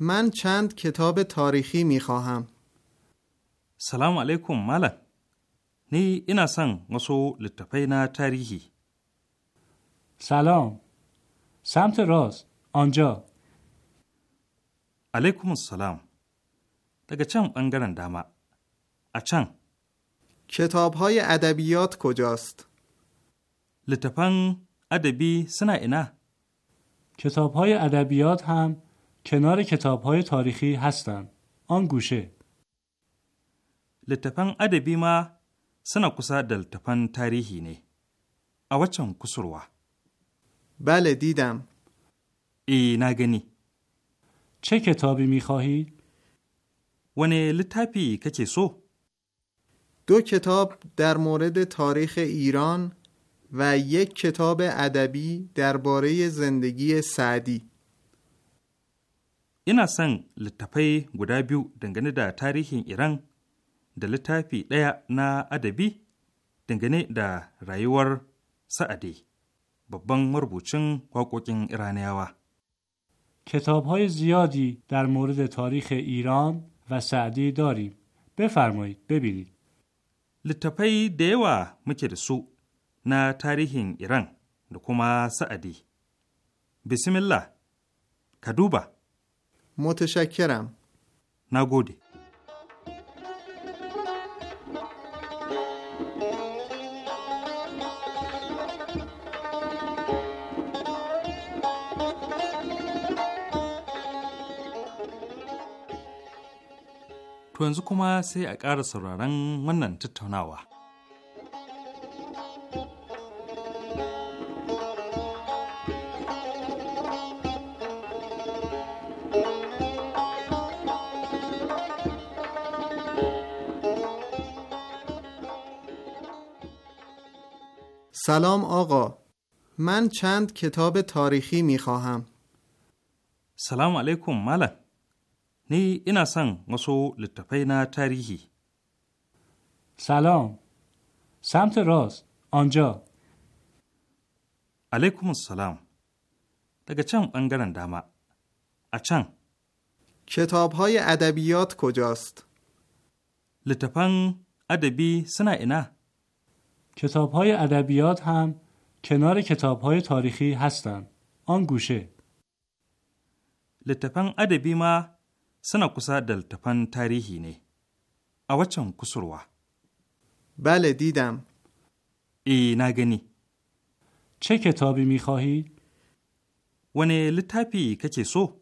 من چند کتاب تاریخی می خواهم سلام علیکم ملک ni ina son wasu littafai na tarihi. Salam, Samta Ross, Anja. Alaikum salam, daga can ɓangaren dama, a can. Kitab haya adabiyot kojast. Littafan adabi suna ina? کتاب های ادبیات هم کنار کتاب های تاریخی هستند. آن گوشه. لطفاً ادبی ما suna kusa da littafan tarihi ne. A waccan kusurwa. Bale didam. E, na gani. چه کتابی می خواهید؟ ونه littafi که سو؟ دو کتاب dar مورد تاریخ Iran و یک کتاب ادبی درباره زندگی سعدی. ina son littafai guda biyu dangane da tarihin Iran da littafi ɗaya na adabi dangane da rayuwar sa'adi babban marubucin waƙoƙin iraniyawa ziyadi زیادی در مورد تاریخ ایران و سعدی داریم. بفرمایید ببینید. littafai da yawa muke da su na tarihin Iran da kuma sa'adi. Bismillah, ka duba. Motashakiram. Na gode. To yanzu kuma sai a ƙara sauraron wannan tattaunawa. سلام آقا من چند کتاب تاریخی می خواهم سلام علیکم ملک ni ina son wasu littafai na tarihi. Salam, Samta Ross, Anjo. Alaikum salam, daga can bangaren dama, a can. Kitab haya adabiyot kojast. Littafan adabi suna ina? Kitab haya adabiyot ham kenar kitab haya tarihi hastan, an gushe. Littafan adabi ma suna kusa da littafan tarihi ne. A waccan kusurwa. Bale didam. E, na gani. Ce کتابی می خواهید؟ ونه لطفی که سو؟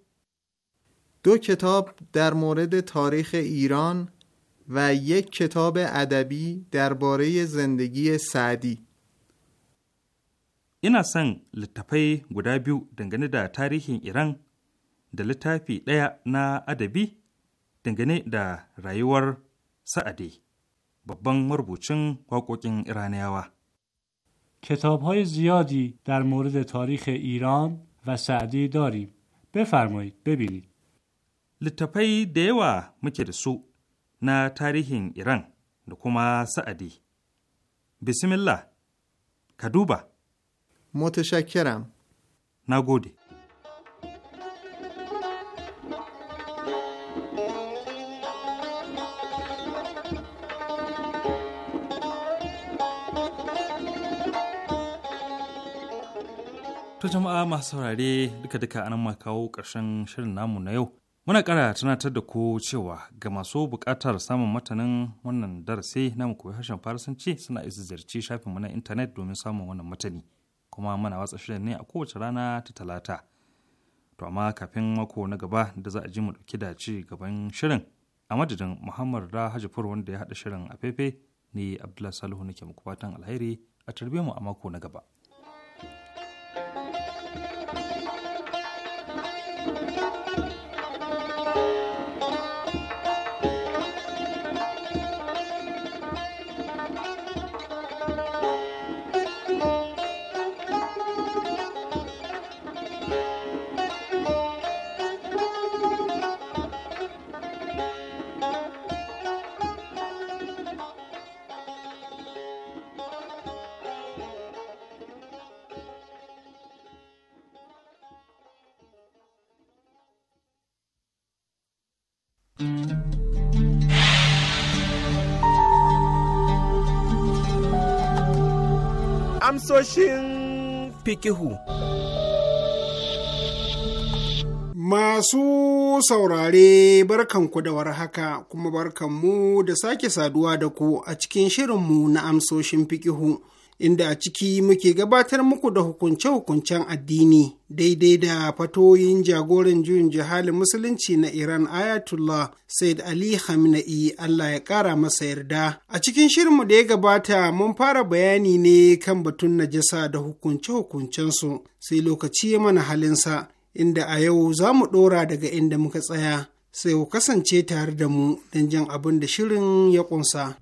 دو کتاب در مورد تاریخ ایران و یک کتاب ادبی درباره زندگی سعدی. ina son littafai guda biyu dangane da tarihin Iran da littafi ɗaya na adabi dangane da rayuwar sa'adi babban marubucin waƙoƙin iraniyawa کتابهای زیادی در مورد تاریخ ایران و سعدی داریم. بفرمایید ببینید. littafai da yawa muke da su na tarihin Iran da kuma sa'adi. Bismillah, ka duba. Motashakiram. Na gode. To jama'a masu saurare duka-duka anan ma kawo karshen shirin namu na yau. Muna kara tunatar da ku cewa ga masu buƙatar samun matanin wannan darasi na mu koyi harshen Farisanci suna isa ziyarci shafin mu na intanet domin samun wannan matani. Kuma muna watsa shirin ne a kowace rana ta talata. To amma kafin mako na gaba da za a ji mu ɗauki da ci gaban shirin a madadin Muhammad da Hajifur wanda ya haɗa shirin a fefe ni Abdullahi Salihu nake muku fatan alheri a tarbe mu a mako na gaba. Amsoshin fikihu. Masu saurare barkanku da haka kuma barkanmu da sake saduwa da ku a cikin shirinmu na amsoshin fikihu. inda a ciki muke gabatar muku da hukunce-hukuncen addini daidai da fatoyin jagoran juyin jihalin musulunci na Iran Ayatullah Said Ali Khamenei Allah ya ƙara masa yarda. A cikin shirinmu da ya gabata mun fara bayani ne kan batun najasa da hukunce su, sai lokaci ya mana halinsa inda a yau za mu ɗora daga inda muka tsaya sai ku kasance tare da mu don jan abin da shirin ya ƙunsa.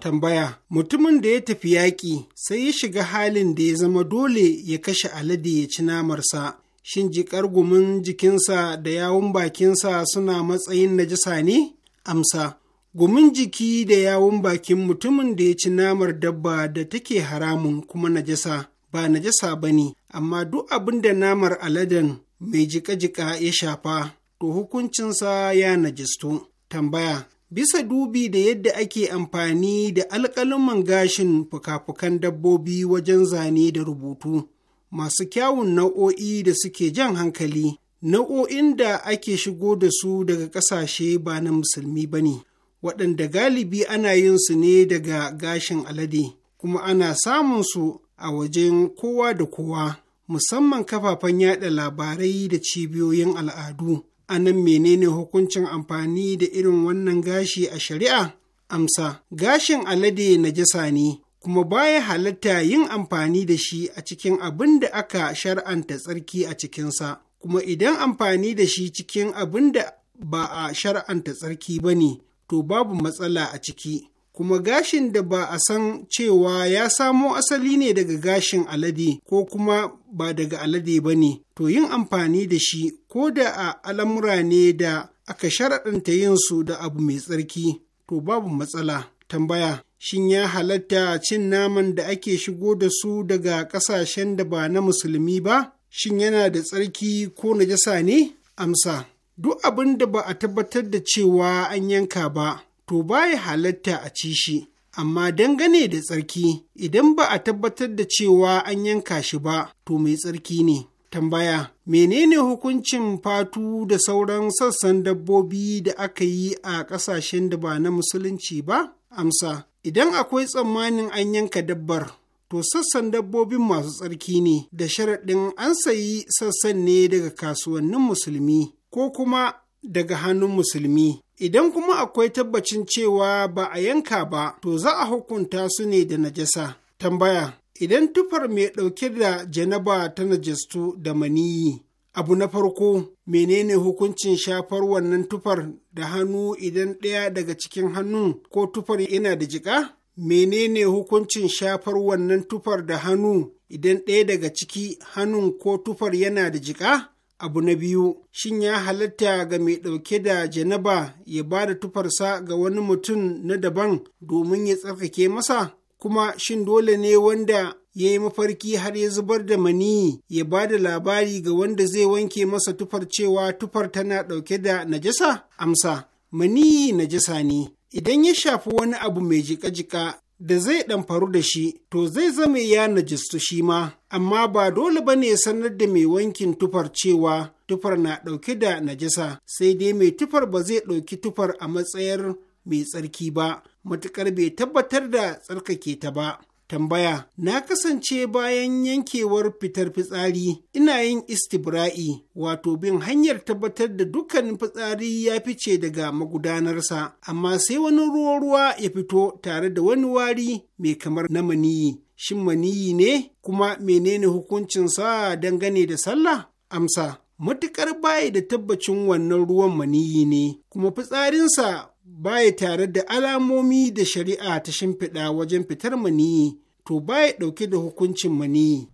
Tambaya Mutumin da ya tafi yaƙi sai ya shiga halin da ya zama dole ya kashe alade ya ci namarsa. Shin jikar gumin jikinsa da yawun bakinsa suna matsayin najasa ne? Amsa Gumin jiki da yawun bakin mutumin da ya ci namar dabba da take haramun kuma najasa ba najasa ba ne, amma duk abin da namar aladen mai jika-jika ya shafa, to hukuncinsa ya najistu. Tambaya Bisa dubi da yadda ake amfani da alƙaluman gashin fuka-fukan dabbobi wajen zane da rubutu, masu kyawun nau'o'i da suke jan hankali, nau'o'in da ake shigo da su daga ƙasashe ba na musulmi ba ne, waɗanda galibi ana yin su ne daga gashin alade, kuma ana samun su a wajen kowa da kowa, musamman kafafen yaɗa labarai da cibiyoyin al'adu. a nan menene hukuncin amfani da irin wannan gashi a shari'a? Amsa, gashin alade najasa ne, kuma baya halatta yin amfani da shi a cikin abin da aka shar'anta tsarki a cikinsa, kuma idan amfani da shi cikin abin da ba a shar'anta tsarki ba ne, to babu matsala a ciki. kuma gashin da ba a san cewa ya samo asali ne daga gashin alade ko kuma ba daga alade ba ne, to yin amfani da shi ko da a al'amura ne da aka sharaɗanta yin su da abu mai tsarki, to babu matsala. Tambaya, shin ya halatta cin naman da ake shigo da su daga ƙasashen da ba na musulmi ba? Shin yana da tsarki ko najasa ne? Amsa, duk abin da ba a tabbatar da cewa an yanka ba. to baya halatta a ci shi. Amma dangane da tsarki, idan ba a tabbatar da cewa an yanka shi ba, to mai tsarki ne. Tambaya, menene hukuncin fatu da sauran sassan dabbobi da aka yi a ƙasashen da ba na musulunci ba? Amsa, idan akwai tsammanin an yanka dabbar, to sassan dabbobin masu tsarki ne da sharaɗin an sayi sassan ne daga kasuwannin musulmi ko kuma daga hannun musulmi idan kuma akwai tabbacin cewa ba a yanka ba to za a hukunta su ne da najasa tambaya idan tufar mai ɗauke da janaba ta najastu da maniyi abu na farko menene hukuncin shafar wannan tufar da hannu idan ɗaya daga cikin hannun ko tufar yana da jiƙa menene hukuncin shafar wannan tufar da hannu idan ɗaya daga ciki hannun ko tufar yana da jiƙa Abu na biyu, shin ya halatta ga mai ɗauke da janaba ya ba da tufarsa ga wani mutum na daban domin ya tsarkake masa? Kuma shin dole ne wanda ya yi mafarki har ya zubar da maniyi ya ba da labari ga wanda zai wanke masa tufar cewa tufar tana ɗauke da najasa? Amsa, maniyi najasa ne. Idan ya shafi wani abu mai jika-jika da zai ɗamfaru da shi, to zai zama ya najistu shi ma, amma ba dole ba ne sanar da mai wankin tufar cewa tufar na ɗauke da najasa, sai dai mai tufar ba zai ɗauki tufar a matsayar mai tsarki ba, matuƙar bai tabbatar da tsarkake ta ba. Tambaya, na kasance bayan yankewar fitar fitsari, ina yin istibra'i, wato bin hanyar tabbatar da dukkanin fitsari ya fice daga magudanarsa, amma sai wani ruwa-ruwa ya fito tare da wani wari mai kamar na maniyi. Shin maniyi ne? Kuma menene hukuncinsa dangane da sallah? Amsa. Matuƙar baya da tabbacin wannan ruwan maniyi ne, kuma fitsarinsa baya tare da alamomi da shari'a ta shimfiɗa wajen fitar maniyi to baya ɗauke da hukuncin maniyi.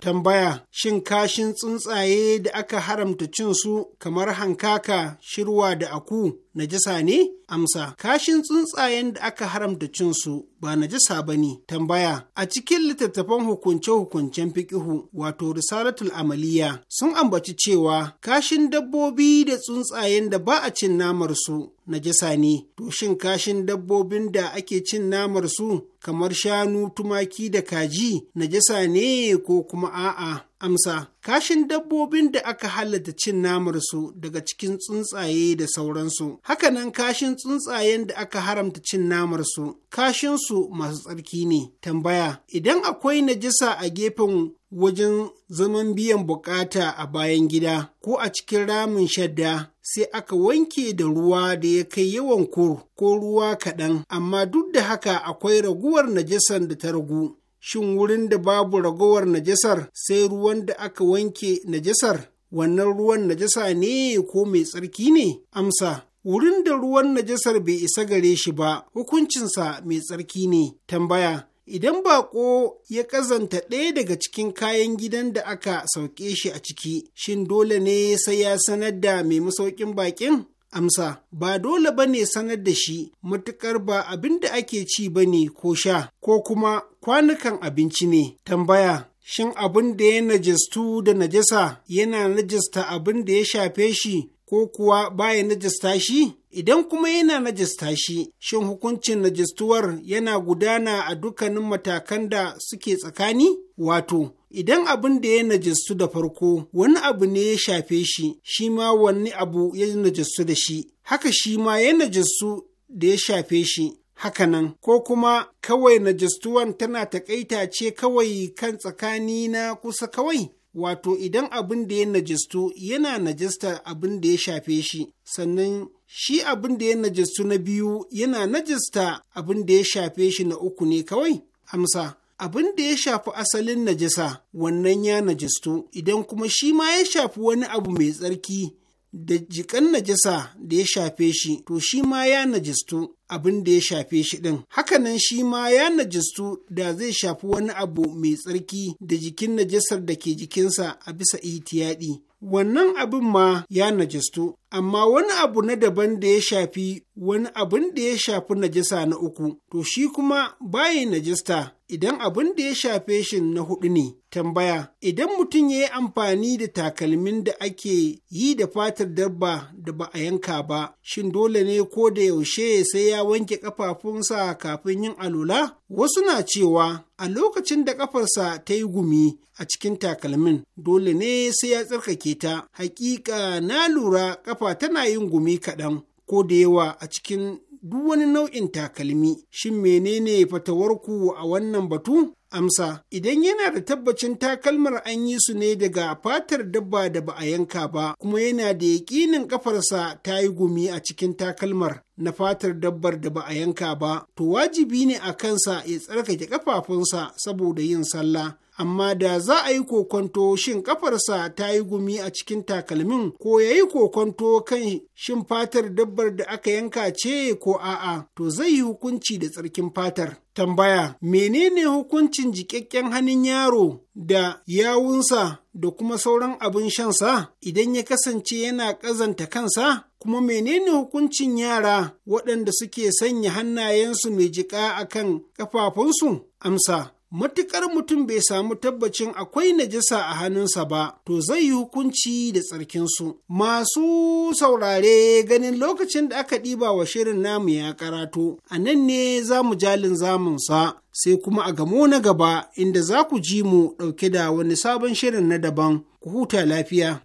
Tambaya, shin kashin tsuntsaye da aka haramta cin su kamar hankaka, shirwa da aku najasa ne? Amsa, kashin tsuntsayen da aka haramta cinsu ba najasa ba ne. Tambaya, a cikin littattafan hukunce-hukuncen fikihu wato risalatul amaliya sun ambaci cewa kashin dabbobi da tsuntsayen da ba a cin namarsu najasa ne, to shin kashin dabbobin da ake cin namarsu kamar shanu, tumaki da kaji najasa ne ko kuma a'a. amsa kashin dabbobin da aka halatta cin namarsu daga cikin tsuntsaye da sauransu hakanan kashin tsuntsayen da aka haramta cin namarsu kashinsu masu tsarki ne tambaya idan akwai najisa a gefen wajen zaman biyan bukata a bayan gida ko a cikin ramin shadda sai aka wanke da ruwa da ya kai yawan kur ko ruwa kaɗan amma duk da haka akwai raguwar najisan da ta ragu shin wurin da babu ragowar najasar sai ruwan da aka wanke najasar wannan ruwan najasa ne ko mai tsarki ne amsa wurin da ruwan najasar bai isa gare shi ba hukuncinsa mai tsarki ne tambaya idan baƙo ya ƙazanta ɗaya daga cikin kayan gidan da aka sauke shi a ciki shin dole ne sai ya sanar da mai masaukin baƙin Amsa, ba dole ba ne sanar da shi matuƙar ba abin da ake ci ba ne ko sha, ko kuma kwanukan abinci ne. Tambaya, shin abin da ya najastu da najasa yana najasta abin da ya shafe shi ko kuwa baya najista shi? Idan kuma yana najista shi, shin hukuncin najastuwar yana gudana a dukkanin matakan da suke tsakani? Wato, idan abin da ya najistu da farko wani abu ne ya shafe shi shi ma wani abu ya najistu da shi haka shi ma ya najasu da ya shafe shi haka nan. ko kuma kawai najistuwan tana takaita ce kawai kan tsakani na kusa kawai wato idan abin da ya najistu yana najista abin da ya shafe shi sannan shi abin da ya najistu na biyu yana najista abin da ya shafe shi na uku ne kawai amsa abin da ya shafi asalin najasa wannan ya najistu idan kuma shi ma ya shafi wani abu mai tsarki da jikan najasa da ya shafe shi to shi ma ya najistu abin da ya shafe shi ɗin hakanan shi ma ya najistu da zai shafi wani abu mai tsarki da jikin najasar da ke jikinsa a bisa itiyadi wannan abin ma ya najistu amma wani abu na daban da ya shafi wani abin da ya shafi najasa na uku to shi kuma baya najista idan abin da ya shafe shi na hudu ne. Tambaya, idan mutum ya yi amfani da takalmin da ake yi da fatar dabba da ba a yanka ba, shin dole ne ko da yaushe sai ya wanke ƙafafunsa kafin yin alula? Wasu na cewa a lokacin da ƙafarsa ta yi gumi a cikin takalmin, dole ne sai ya tsarkake ta. Hakika na lura ƙafa tana yin gumi kaɗan. ko da yawa a cikin duk wani nau'in takalmi. Shin menene fatawarku a wannan batu? Amsa, idan yana da tabbacin takalmar an yi su ne daga fatar dabba da ba a yanka ba, kuma yana da yaƙinin ƙafarsa ta yi gumi a cikin takalmar na fatar dabbar da ba a yanka ba, to wajibi ne a kansa ya tsarkake ƙafafunsa saboda yin sallah. amma da za a yi kokonto shin kafarsa ta yi gumi a cikin takalmin ko ya yi kokonto kan shin fatar dabbar da aka yanka ce ko a'a to zai yi hukunci da tsarkin fatar tambaya menene hukuncin jiƙaƙƙen hannun yaro da yawunsa da kuma sauran abin shansa idan ya kasance yana ƙazanta kansa kuma menene hukuncin yara waɗanda suke sanya hannayensu mai jiƙa akan ƙafafunsu amsa matuƙar mutum bai samu tabbacin akwai najasa a hannunsa ba, to zai yi hukunci da tsarkinsu. Masu saurare ganin lokacin da aka ɗiba wa shirin namu ya karatu, a nan ne za mu jalin zamunsa. Sai kuma a gamo na gaba inda za ku ji mu ɗauke da wani sabon shirin na daban, ku huta lafiya.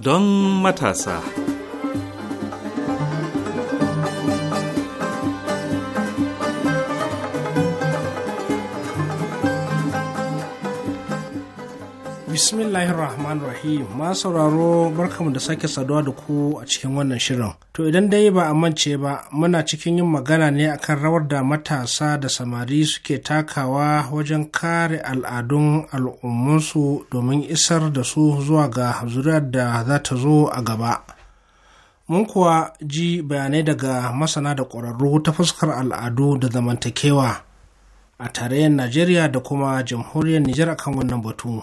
don matasa. bismillahirrahmanirrahim rahmanir rahim sauraro barkamu da sake saduwa da ku a cikin wannan shirin to idan dai ba a mance ba muna cikin yin magana ne akan rawar da matasa da samari suke takawa wajen kare al'adun al'ummunsu domin isar da su zuwa ga zuriyar da za ta zo a gaba mun kuwa ji bayanai daga masana da ƙwararru ta fuskar al'adu da zamantakewa a tarayyar najeriya da kuma jamhuriyar nijar akan wannan batu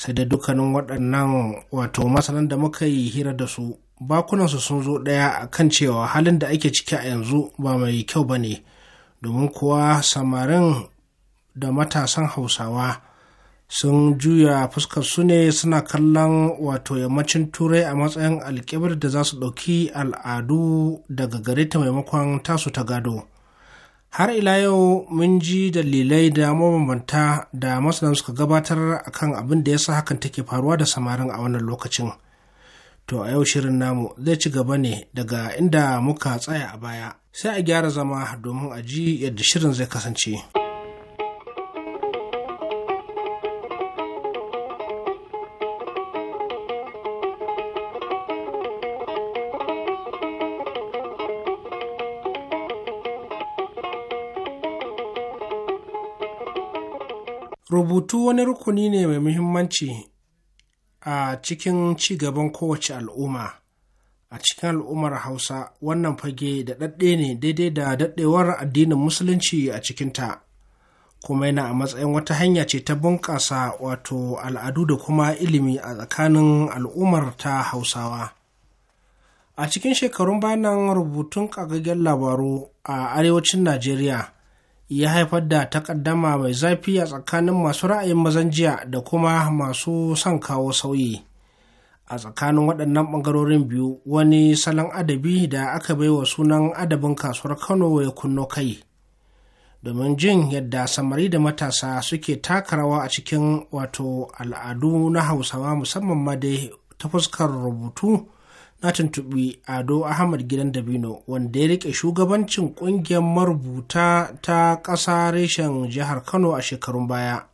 sai da dukkanin waɗannan wato masanan da muka yi hira da su bakunansu sun zo ɗaya a kan cewa halin da ake ciki a yanzu ba mai kyau ba ne domin kuwa samarin da matasan hausawa sun juya fuskar su ne suna kallon wato yammacin turai a matsayin alkibir da za su ɗauki al'adu daga gare ta maimakon tasu ta gado. har ila yau mun ji dalilai da mabambanta da masana suka gabatar akan abin da ya sa hakan take faruwa da samarin a wannan lokacin to a yau shirin namu zai ci gaba ne daga inda muka tsaya a baya sai a gyara zama domin a ji yadda shirin zai kasance. Rubutu wani rukuni ne mai muhimmanci a cikin ci gaban kowace al'umma. A cikin al'ummar Hausa wannan fage da ɗaɗɗe ne daidai da daɗewar addinin Musulunci a cikinta, kuma yana a matsayin wata hanya ce ta bunƙasa wato al'adu da kuma ilimi a tsakanin al'ummar ta Hausawa. A cikin shekarun bayanan rubutun ƙagagen labaru a arewacin Najeriya. ya haifar da takaddama mai zafi a tsakanin masu ra'ayin mazan jiya da kuma masu son kawo sauyi a tsakanin waɗannan ɓangarorin biyu wani salon adabi da aka baiwa sunan adabin kasuwar kano ya kunno kai domin jin yadda samari da matasa suke taka rawa a cikin wato al'adu na hausawa musamman ma dai ta fuskar rubutu na tuntuɓi ado ahmad gidan dabino wanda ya rike shugabancin kungiyar marubuta ta ƙasa reshen jihar kano a shekarun baya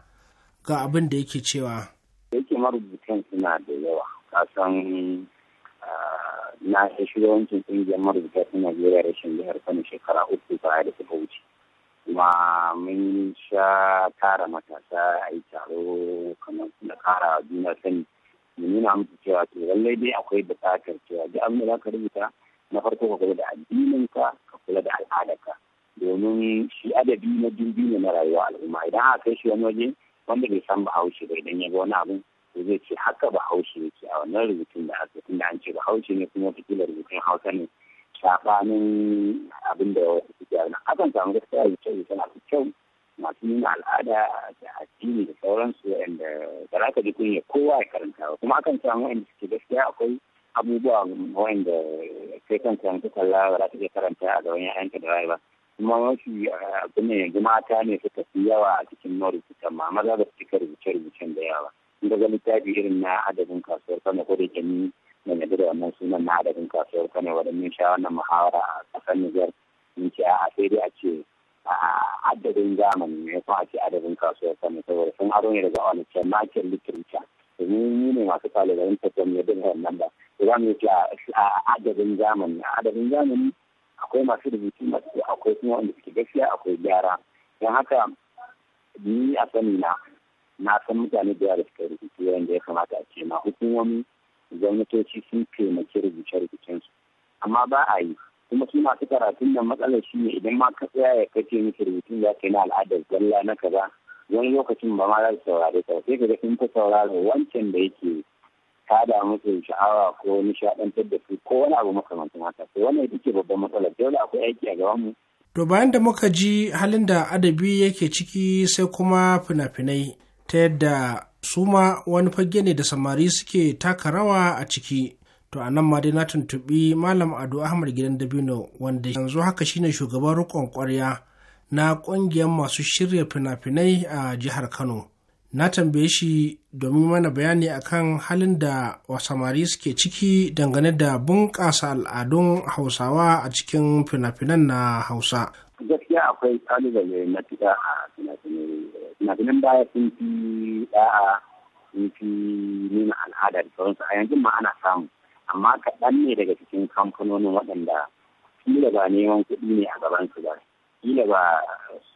ga abin da yake cewa yake marubutan suna da yawa kasan na ya shugabancin ƙungiyar marubuta ta najeriya reshen jihar kano shekara uku baya da suka wuce kuma mun sha tara matasa a yi taro kamar suna kara juna sani mu nuna musu cewa to lallai dai akwai buƙatar cewa duk abin za ka rubuta na farko ka kula da addinin ka kula da al'adarka domin shi adabi na dubi ne na rayuwa al'umma idan aka kai shi wani waje wanda bai san bahaushe ba idan ya ga wani abin to zai ce haka bahaushe yake a wannan rubutun da aka tunda an ce bahaushe ne kuma fitilar rubutun hausa ne saɓanin abin da wasu suke yana akan samu gaskiya rubuce na da kyau masu nuna al'ada da addini da sauransu wanda ba za ka ji kunya kowa ya karanta ba kuma akan samu wanda suke gaskiya akwai abubuwa wanda sai kan karanta kalla ba za ka iya karanta a gaban ka da ba kuma mafi eh, abin ne yanzu mata ne suka fi yawa a cikin marubutan ma maza ba su cika rubuce-rubucen da yawa in ga littafi irin na adadin kasuwar kano ko da ke ni na yadda da wannan sunan na adadin kasuwar kano wadannan mun sha wannan muhawara a ƙasar Nijar in ce a sai dai a ce a adadin zamani ne kuma ake adadin kasuwar kano saboda sun aro ne daga wani can makin literature domin yi ne masu yanta don yadda da wannan ba da za mu yi a adadin zamani a adadin zamani akwai masu rubutu masu akwai kuma wanda suke gaskiya akwai gyara don haka ni a sani na na san mutane da yawa suka rubutu wanda ya kamata a ce ma hukumomi gwamnatoci sun taimaki rubuce-rubucensu amma ba a yi kuma suna masu karatun nan matsalar shi ne idan ma ka tsaya ya kace miki rubutun za ka yi na al'adar zalla na kaza wani lokacin ba ma za su saurare ka sai ka ga sun fi sauraro wancan da yake kada musu sha'awa ko nishaɗantar da su ko wani abu makamantan haka sai wannan ita ce babban matsalar dole akwai aiki a gaban mu To bayan da muka ji halin da adabi yake ciki sai kuma fina-finai ta yadda suma wani fage ne da samari suke taka rawa a ciki to a nan ma dai na tuntuɓi malam ado ahmad gidan dabino wanda yanzu haka shine shugaban rikon kwarya na ƙungiyar masu shirya fina-finai a jihar kano na tambaye shi domin mana bayani akan halin da wasamari suke ciki dangane da bunƙasa al'adun hausawa a cikin fina-finan na hausa gaskiya akwai kalubale na fita a fina-finan baya sun fi da'a sun fi nuna al'ada da sauransu a yanzu ma ana samu amma kaɗan ne daga cikin kamfanonin waɗanda kila ba neman kuɗi ne a gaban su ba kila ba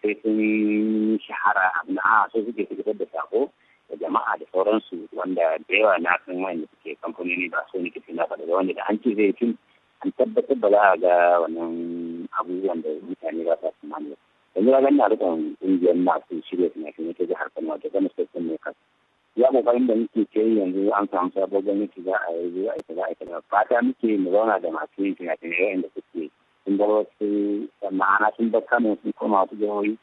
sai sun shahara na a sai suke fitar da sako da jama'a da sauransu wanda da yawa na san wanda suke kamfanoni ba so ne kifin na faɗa wanda da an ce zai fim an tabbatar da za a ga wannan abubuwan da mutane ba sa tsammani yanzu ga ganin a ƙungiyar masu shirya fina-finai ta jihar kano da gama sai sun ne kansu ya kokarin da muke kai yanzu an samu sabon gwamnati za a yi a ita a fata muke mu zauna da masu yin fina-finai yayin suke sun bar wasu ma'ana sun bar kano sun koma wasu jihohi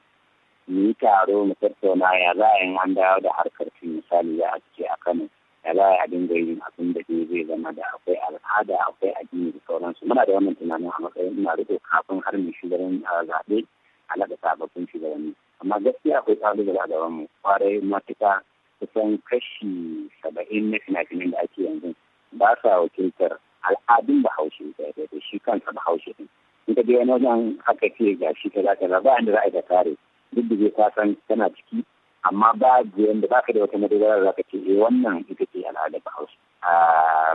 mu yi taro mu tattauna ya za a yi an dawo da harkar fim misali ya a a kano ya za a yi da yin abin da zai zama da akwai al'ada akwai addini da sauransu muna da wannan tunanin a matsayin ina riko kafin har mu shugaban zaɓe a laɗa sababbin shugabanni amma gaskiya akwai ƙalubale a mu kwarai matuka kusan kashi saba'in na fina-finan da ake yanzu ba sa wakiltar al'adun bahaushe da shi kansa bahaushe din in ka je wani wajen haka ce ga shi ta zata ba inda za a yi kare duk da zai kasan tana ciki amma ba da yanda ba da wata madogara za ka ce eh wannan ita ce al'adar bahaushe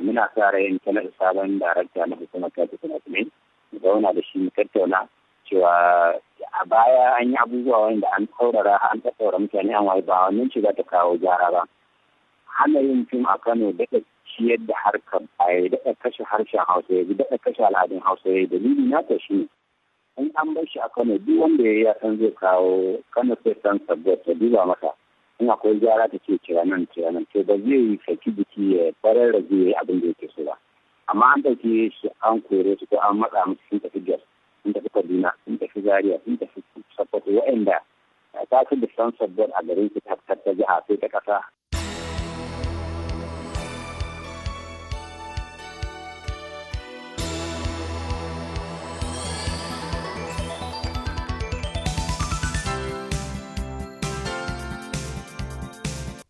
muna sa ran sanar sabon darakta na hukumar kafin finafinai zauna da shi mu tattauna cewa a baya an yi abubuwa wanda an tsaurara an tattaura mutane an waye ba wannan ce za ta kawo gyara ba hana yin fim a kano daɗa ciyar da harkar baya daɗa kashe harshen hausa ya daɗa kashe al'adun hausa ya dalili na ta shi ne in an bar shi a kano duk wanda ya yi ya san zai kawo kano sai san sabbat ta duba masa in akwai gyara ta ce cewa nan cewa nan to ba zai yi saki biki ya farar da zai yi abin da yake so ba amma an ɗauke shi an kore su ko an matsa musu sun tafi gas sun tafi kaduna sun tafi zaria sun tafi sabbatu waɗanda eh, a fi da san sabbar a garin su ta ta jiha sai ta ƙasa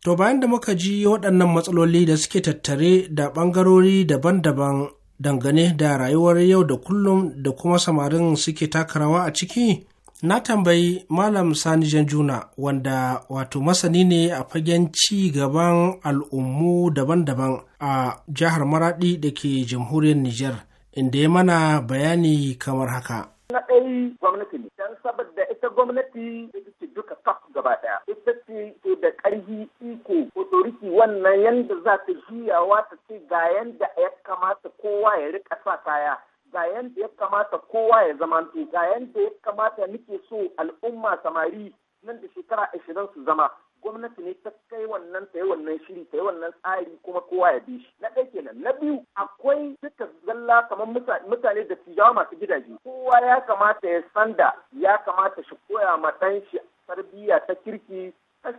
To bayan da muka ji waɗannan matsaloli da suke tattare da ɓangarori daban-daban dangane da rayuwar yau da kullum da kuma samarin suke taka rawa a ciki na tambayi malam sani janjuna wanda wato masani ne a fagen ci gaban al'ummu daban-daban a jihar maradi da ke jamhuriyar niger inda ya mana bayani kamar haka Na ɗari gwamnati ne, don saboda ita gwamnati ita ce duka kaf gaba ɗaya. Ita ce ke da ƙarfi iko otoriki wannan yanda za ta juyawa ta ce ga yanda ya kamata kowa ya riƙa sa kaya. ga yadda ya kamata kowa ya zama ga yadda ya kamata nake so al'umma samari nan da shekara ashirin su zama gwamnati ne ta kai wannan ta yi wannan shiri ta yi wannan tsari kuma kowa ya bi shi na ɗaya kenan na biyu akwai duka zalla kamar mutane da tijawa masu gidaje kowa ya kamata ya sanda ya kamata shi koya ma ɗan shi tarbiyya ta kirki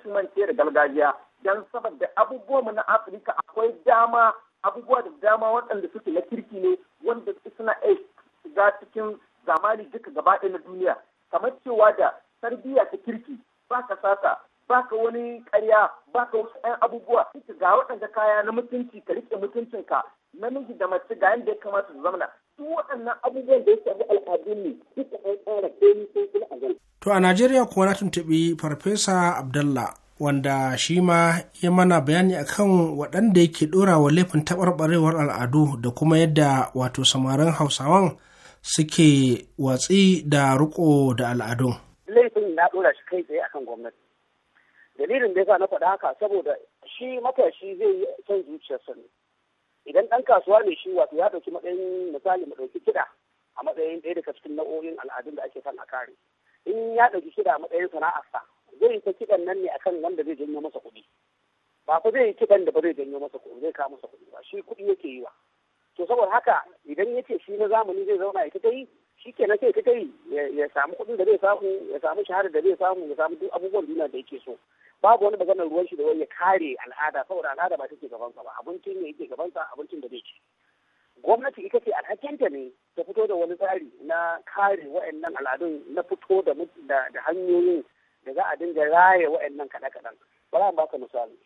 mance da gargajiya don saboda abubuwanmu na afirka akwai dama abubuwa da dama waɗanda suke na kirki ne wanda suna iya shiga cikin zamani duka gaba ɗaya na duniya kamar cewa da tarbiyya ta kirki ba ka sata baka wani karya baka wasu ɗan abubuwa ga waɗanda kaya na mutunci ka riƙe mutuncinka namiji da mace ga yadda ya kamata su zamana su waɗannan abubuwan da ya shafi al'adun ne duka an tsara komi sun kula a gani. To a Najeriya kuwa na tuntuɓi Farfesa Abdallah wanda shi ma ya mana bayani akan waɗanda yake ɗora wa laifin taɓarɓarewar al'adu da kuma yadda wato samarin hausawan suke watsi da ruko da al'adun. Laifin na ɗora shi kai tsaye akan gwamnati. dalilin da ya sa na faɗa haka saboda shi matashi zai yi son zuciyarsa ne idan ɗan kasuwa ne shi wato ya ɗauki matsayin misali mu ɗauki kiɗa a matsayin ɗaya daga cikin nau'o'in al'adun da ake son a kare in ya ɗauki kiɗa a matsayin sa zai yi ta kiɗan nan ne akan wanda zai janyo masa kuɗi ba fa zai yi kiɗan da ba zai janyo masa kuɗi zai kawo masa kuɗi ba shi kuɗi yake yi wa to saboda haka idan ya ce shi na zamani zai zauna ya ta yi shi na sai ta yi ya samu kuɗin da zai samu ya samu shahara da zai samu ya samu duk abubuwan duniya da yake so babu wani maganar ruwan shi da wani ya kare al'ada saboda al'ada ba take gabansa ba abincin ne yake gabansa abincin da zai ci gwamnati ita ce alhakinta ne ta fito da wani tsari na kare wa'annan al'adun na fito da da hanyoyin da za a dinga raye wa'annan kaɗe-kaɗen bari an baka misali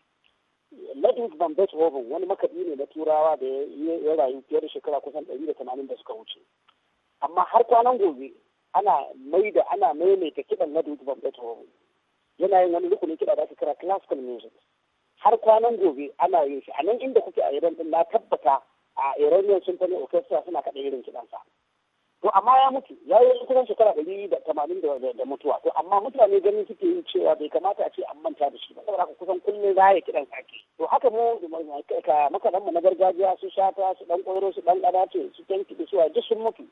Ludwig van Beethoven wani makaɗi ne na turawa da ya rayu fiye da shekara kusan ɗari da tamanin da suka wuce amma har kwanan gobe ana mai ana maimaita kiɗan Ludwig van Beethoven yana yin wani rukunin kiɗa da ake kira classical music har kwanan gobe ana yin shi a nan inda kuke a iran din na tabbata a iranian symphony orchestra suna kaɗa irin sa to amma ya mutu ya yi kusan shekara ɗari da tamanin da mutuwa to amma mutane ganin suke yin cewa bai kamata a ce an manta da shi ba saboda haka kusan kullum ya kiɗan sake to haka mu mu na gargajiya su shata su ɗan ƙwairo su ɗan ce su tanki su duk sun mutu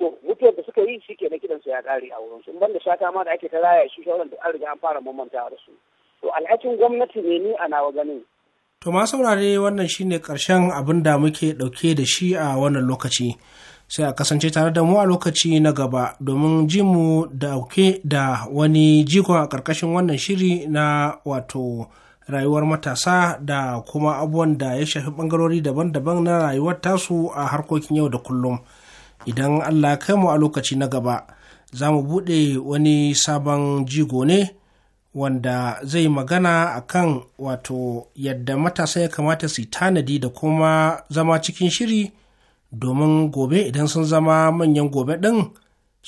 to mutuwar da suka yi shi ke na su ya ƙare a wurin su banda shata ma da ake ta raya shi shauran da an riga an fara mamantawa da su to alhakin gwamnati ne ni a nawa ganin to ma saurare wannan shine karshen abin da muke dauke da shi a wannan lokaci sai a kasance tare da mu a lokaci na gaba domin ji mu dauke da wani jiko a karkashin wannan shiri na wato rayuwar matasa da kuma abubuwan da ya shafi ɓangarori daban-daban na rayuwar tasu a harkokin yau da kullum. idan allah kai mu a lokaci na gaba za mu buɗe wani sabon jigo ne wanda zai magana a kan wato yadda matasa ya kamata su tanadi da kuma zama cikin shiri domin gobe idan sun zama manyan gobe ɗin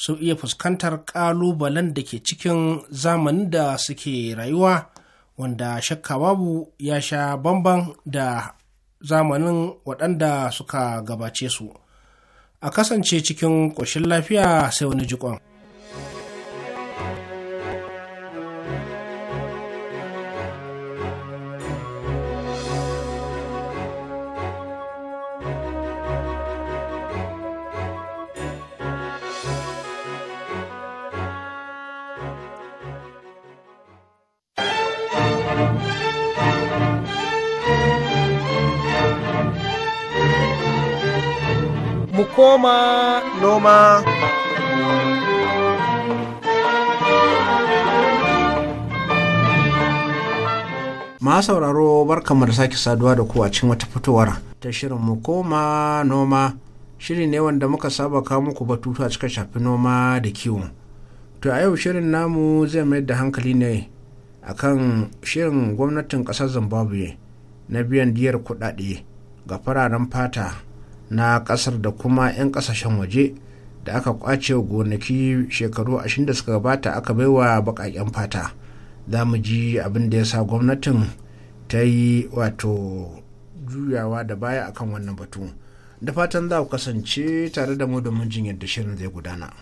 su iya fuskantar ƙalubalen da ke cikin zamanin da suke rayuwa wanda shakka babu ya sha bamban da zamanin waɗanda suka gabace su. a kasance cikin ƙoshin lafiya sai wani jikon. mu koma noma. Ma sauraro barkamu da sake saduwa da ku a cikin wata fitowar ta shirin mu koma noma shiri ne wanda muka saba kawo muku batutu a cika shafi noma da kiwo. To a yau shirin namu zai mayar da hankali ne akan shirin gwamnatin ƙasar Zimbabwe na biyan diyar kuɗaɗe ga fararen fata na ƙasar da kuma 'yan ƙasashen waje da aka kwace gonaki shekaru ashirin da suka gabata aka baiwa baƙaƙen fata za mu ji abin da ya sa gwamnatin ta yi wato juyawa da baya akan wannan batu da fatan za ku kasance tare da mu domin jin yadda shirin zai gudana.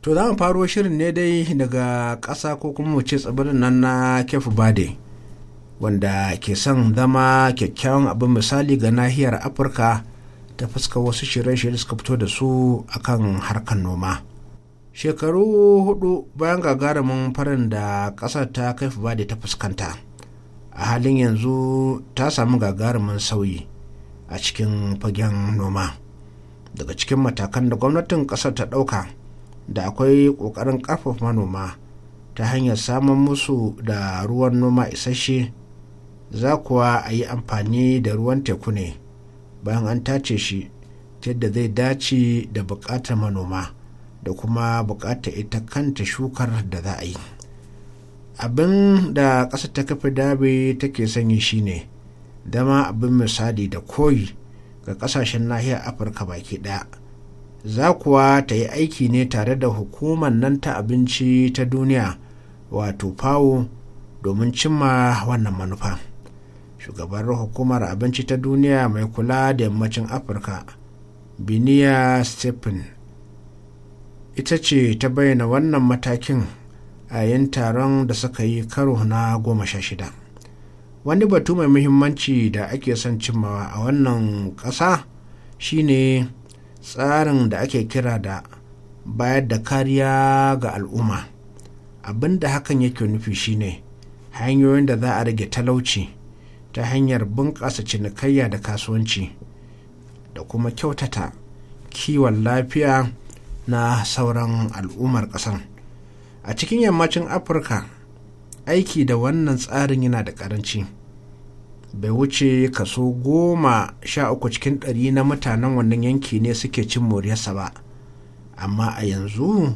to za mu faro shirin ne dai daga ƙasa ko kuma mu ce tsibirin nan na kefu bade wanda ke son zama kyakkyawan abin misali ga nahiyar afirka ta fuska wasu shirye-shirye suka fito da su akan harkar noma shekaru hudu bayan gagarumin farin da ƙasar ta kefu bade ta fuskanta a halin yanzu ta samu gagarumin sauyi a cikin fagen noma daga cikin matakan da gwamnatin ƙasar ta ɗauka da akwai ƙoƙarin ƙarfafa manoma ta hanyar samun musu da ruwan noma isasshe za kuwa a yi amfani da ruwan teku ne bayan an tace shi yadda zai dace da buƙatar manoma da kuma buƙatar ita kanta shukar da za a yi abin da ƙasa ta kafa dabe take sanyi shine dama abin misali da koyi ga ƙasashen nahiyar afirka baki ɗaya za kuwa ta yi aiki ne tare da hukumar nan ta abinci ta duniya wato fawo domin cimma wannan manufa shugabar hukumar abinci ta duniya mai kula da yammacin afirka biniya stephen ita ce ta bayyana wannan matakin a yin taron da suka yi karo na goma sha shida wani batu mai muhimmanci da ake son cimmawa a wannan ƙasa shine tsarin da ake kira da bayar da kariya ga al'umma abin da hakan yake nufi shine hanyoyin da za a rage talauci ta hanyar bunƙasa cinikayya da kasuwanci da kuma kyautata kiwon lafiya na sauran al'ummar ƙasar a cikin yammacin afirka aiki da wannan tsarin yana da ƙaranci. bai wuce kaso goma sha uku cikin ɗari na mutanen wannan yanki ne suke cin moriyarsa ba amma a yanzu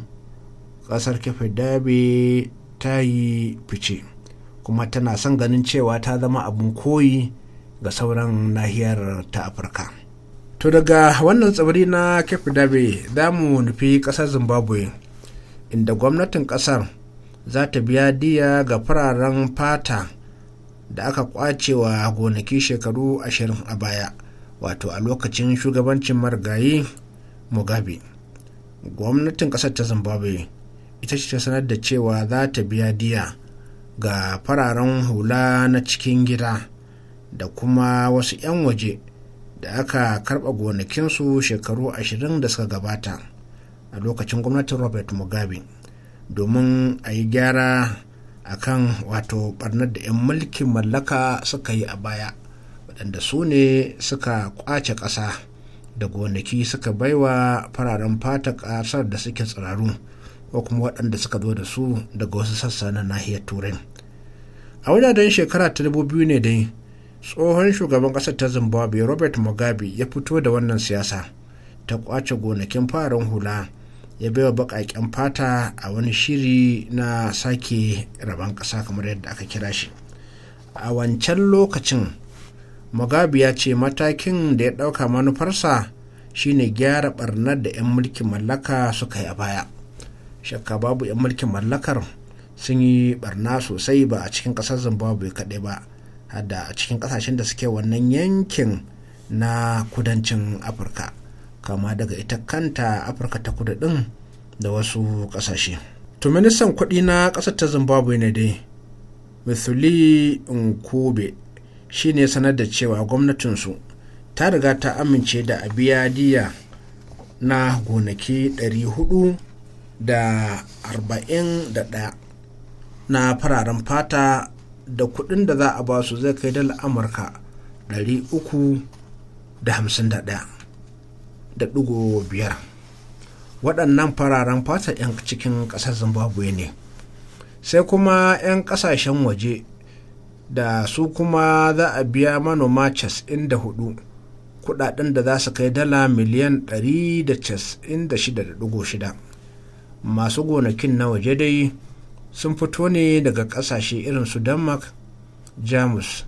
ƙasar kafa dabe ta yi fice kuma tana son ganin cewa ta zama abin koyi ga sauran nahiyar ta afirka to daga wannan tsibiri na kafa dabe za mu nufi ƙasar zimbabwe inda gwamnatin ƙasar za ta biya diya ga fararen fata da aka kwacewa gonaki shekaru ashirin a baya wato a lokacin shugabancin marigayi mugabe gwamnatin kasar ta zimbabwe ita ce ta sanar da cewa za ta biya diya ga fararen hula na cikin gida da kuma wasu 'yan waje da aka karba gonakinsu shekaru ashirin da suka gabata a lokacin gwamnatin robert mugabe domin a yi gyara akan wato barnar da 'yan mulkin mallaka suka yi a baya waɗanda su ne suka kwace ƙasa da gonaki suka baiwa fararen fata ƙasar da suke tsiraru ko kuma waɗanda suka zo da su daga wasu sassa na nahiyar turai a wajajen shekara ta dubu biyu ne dai tsohon shugaban ƙasar ta zimbabwe robert mugabe ya fito da wannan siyasa ta kwace gonakin fararen hula ya baiwa baƙaƙen fata a wani shiri na sake rabon ƙasa kamar yadda aka kira shi a wancan lokacin mugabe ya ce matakin da ya ɗauka manufarsa shine gyara ɓarnar da 'yan mulkin mallaka suka yi a baya shakka babu 'yan mulkin mallakar sun yi barna sosai ba a cikin ƙasar zimbabwe kaɗai ba hadda a cikin ƙasashen da suke wannan yankin na kudancin afirka kama daga ita kanta afirka ta kudu din da wasu kasashe. to ministan kudi na kasar ta zimbabwe ne dai mithuli nkube shi sanar da cewa gwamnatinsu ta riga ta amince da a biya diya na gonaki 441 na fararen fata da kuɗin da za a ba su zai kai dala amurka 351 da ɗigo biyar waɗannan fararen fata 'yan cikin ƙasar zimbabwe ne sai kuma 'yan ƙasashen waje da su kuma za a biya manoma casa'in inda hudu kudaden da za su kai dala miliyan 196.6 masu gonakin na waje dai sun fito ne daga ƙasashe irin su denmark jamus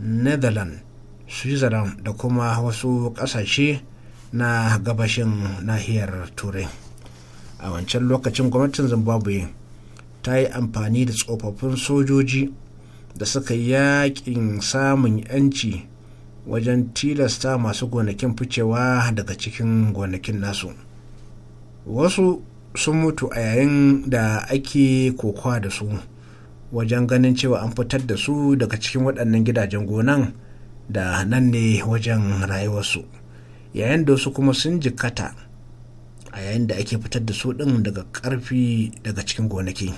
netherlands switzerland da kuma wasu ƙasashe. na gabashin nahiyar turai a wancan lokacin gwamnatin zimbabwe ta yi amfani da tsofaffin sojoji da suka yakin samun yanci wajen tilasta masu gonakin ficewa daga cikin gonakin nasu wasu sun mutu a yayin da ake kokowa da su wajen ganin cewa an fitar da su daga cikin waɗannan gidajen gonan da nan ne wajen rayuwarsu. yayin da wasu kuma sun jikkata a yayin da ake fitar da su ɗin daga ƙarfi daga cikin gonaki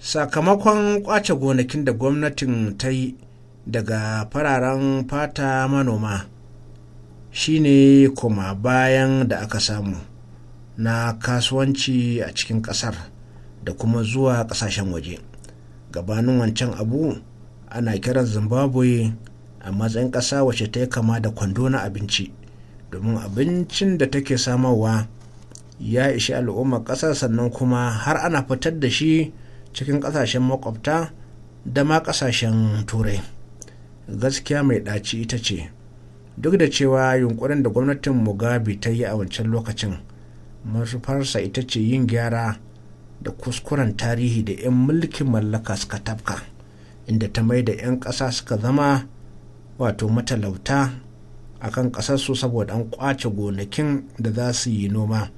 sakamakon kwace gonakin da gwamnatin ta yi daga fararen fata manoma shine koma bayan da aka samu na kasuwanci a cikin kasar da kuma zuwa kasashen waje gabanin wancan abu ana kiran zimbabwe a matsayin ƙasa wace ta yi kama da kwando na abinci domin abincin da take samarwa ya ishi al'ummar ƙasar sannan kuma har ana fitar da shi cikin ƙasashen makwabta da ma ƙasashen turai gaskiya mai ɗaci ita ce duk da cewa yunkurin da gwamnatin mugabe ta yi a wancan lokacin manufarsa ita ce yin gyara da kuskuren tarihi da 'yan mulkin mallaka suka tafka inda ta mai da 'yan ƙasa suka zama wato matalauta a kan ƙasarsu saboda an ƙwace gonakin da za su yi noma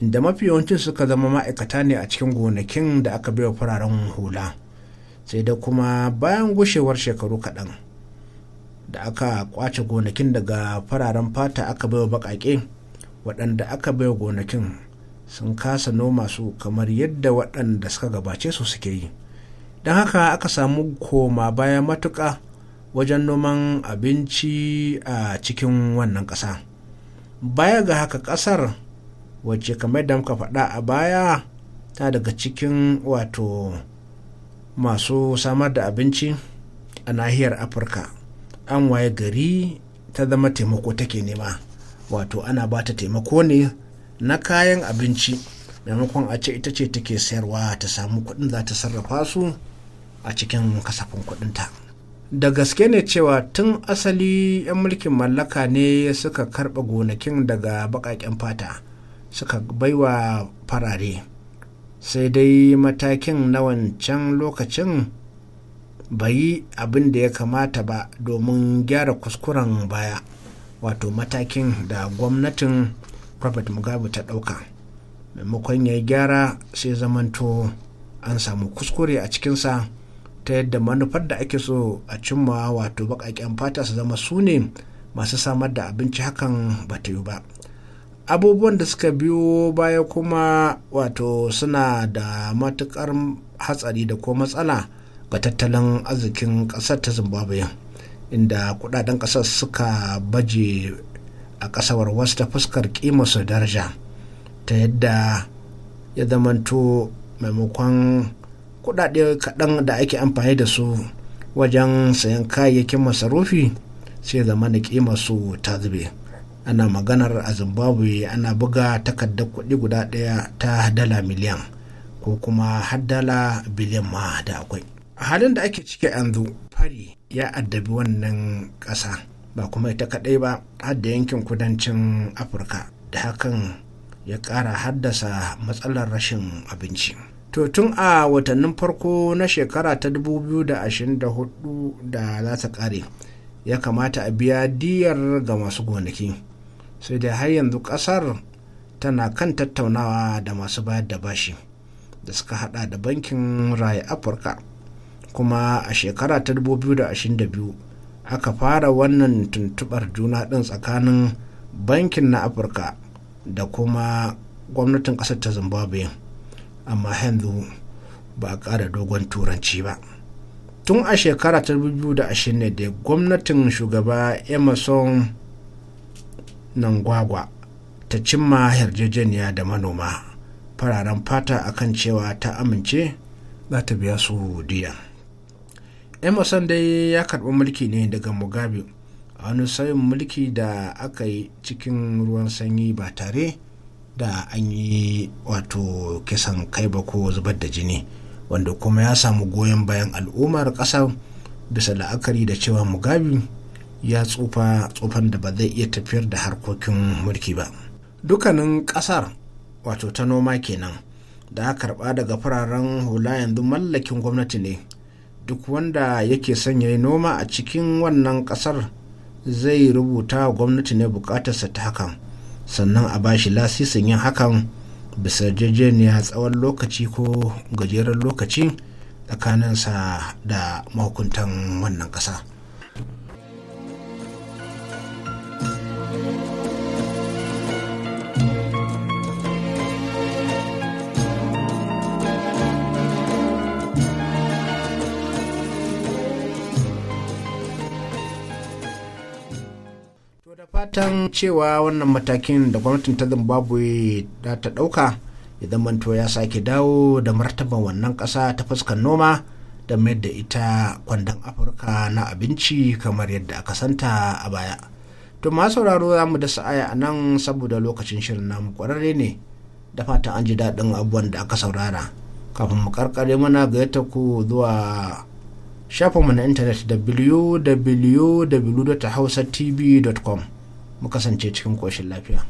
inda mafi yawancin suka zama ma'aikata ne a cikin gonakin da aka bai wa fararen hula sai da kuma bayan gushewar shekaru kaɗan da aka kwace gonakin daga fararen fata aka baiwa baƙaƙe waɗanda aka baiwa gonakin sun kasa noma su kamar yadda waɗanda suka gabace su suke yi don haka aka samu koma baya matuƙa wajen noman abinci a cikin wannan ƙasa baya ga haka ƙasar wacce kamar da muka faɗa a baya ta daga cikin wato masu samar da abinci a nahiyar afirka an waye gari ta zama taimako take nema wato ana ba ta taimako ne na kayan abinci maimakon a ce ita ce take sayarwa ta samu kuɗin za ta sarrafa su a cikin kasafin kuɗinta da gaske ne cewa tun asali 'yan mulkin mallaka ne suka karɓa gonakin daga baƙaƙen fata suka baiwa farare sai dai matakin na wancan lokacin bai yi abin da ya kamata ba domin gyara kuskuren baya wato matakin da gwamnatin robert mugabe ta dauka maimakon ya gyara sai zamanto an samu kuskure a cikinsa ta yadda manufar da ake so a cimma wato baƙaƙen fata su zama su ne masu samar da abinci hakan ba ta yi ba abubuwan da suka biyo baya kuma wato suna da matukar hatsari da ko matsala ga tattalin arzikin ƙasar ta zimbabwe inda kudaden ƙasar suka baje a ƙasawar wasu ta fuskar su daraja ta yadda ya zamanto maimakon kudade kaɗan da ake amfani da su wajen sayan kayayyakin masarufi sai zama da su ta zube ana maganar a zimbabwe ana buga takardar kuɗi guda ɗaya ta dala miliyan ko kuma har dala biliyan ma da akwai a halin da ake ciki yanzu fari ya addabi wannan ƙasa ba kuma ita kaɗai ba har yankin kudancin afirka da hakan ya ƙara haddasa matsalar rashin abinci to tun a watannin farko na shekara ta 2024 da za ta ƙare ya kamata a biya diyar ga masu gonaki sai da har yanzu ƙasar tana kan tattaunawa da masu bayar da bashi da suka hada da bankin raya afirka kuma a shekara ta 2022 aka fara wannan tuntubar juna ɗin tsakanin bankin na afirka da kuma gwamnatin ƙasar ta zimbabwe amma yanzu ba a ƙara dogon turanci ba tun a shekara ta 2020 da gwamnatin shugaba emerson nangwagwa ta cimma yarjejeniya da manoma fararen fata akan cewa ta amince za ta biya su diya. emerson dai ya karɓi mulki ne daga mugabe a wani sauyin mulki da aka yi cikin ruwan sanyi ba tare da an yi wato kisan kai ba ko zubar da jini wanda kuma ya samu goyon bayan al'ummar ƙasa bisa la'akari da cewa mugabe ya tsufa tsufan da ba zai iya tafiyar da harkokin mulki ba dukkanin ƙasar wato ta noma kenan da karɓa daga fararen hula yanzu mallakin gwamnati ne duk wanda yake son ya noma a cikin wannan kasar zai rubuta gwamnati ne bukatarsa ta hakan sannan a bashi lasisin yin hakan bisa jejeniya tsawon lokaci ko gajeren lokaci tsakaninsa da mahukuntan wannan ƙasa. fatan cewa wannan matakin da gwamnatin ta zimbabwe da ta ɗauka idan manto ya sake dawo da martaba wannan ƙasa ta fuskar noma da mayar da ita kwandon afirka na abinci kamar yadda aka santa a baya to ma sauraro za mu da sa'aya a nan saboda lokacin shirin namu kwararre ne da fatan an ji daɗin abubuwan da aka saurara kafin mu karkare mana gayyata ku zuwa shafinmu na intanet www.hausatv.com mu kasance cikin koshin lafiya.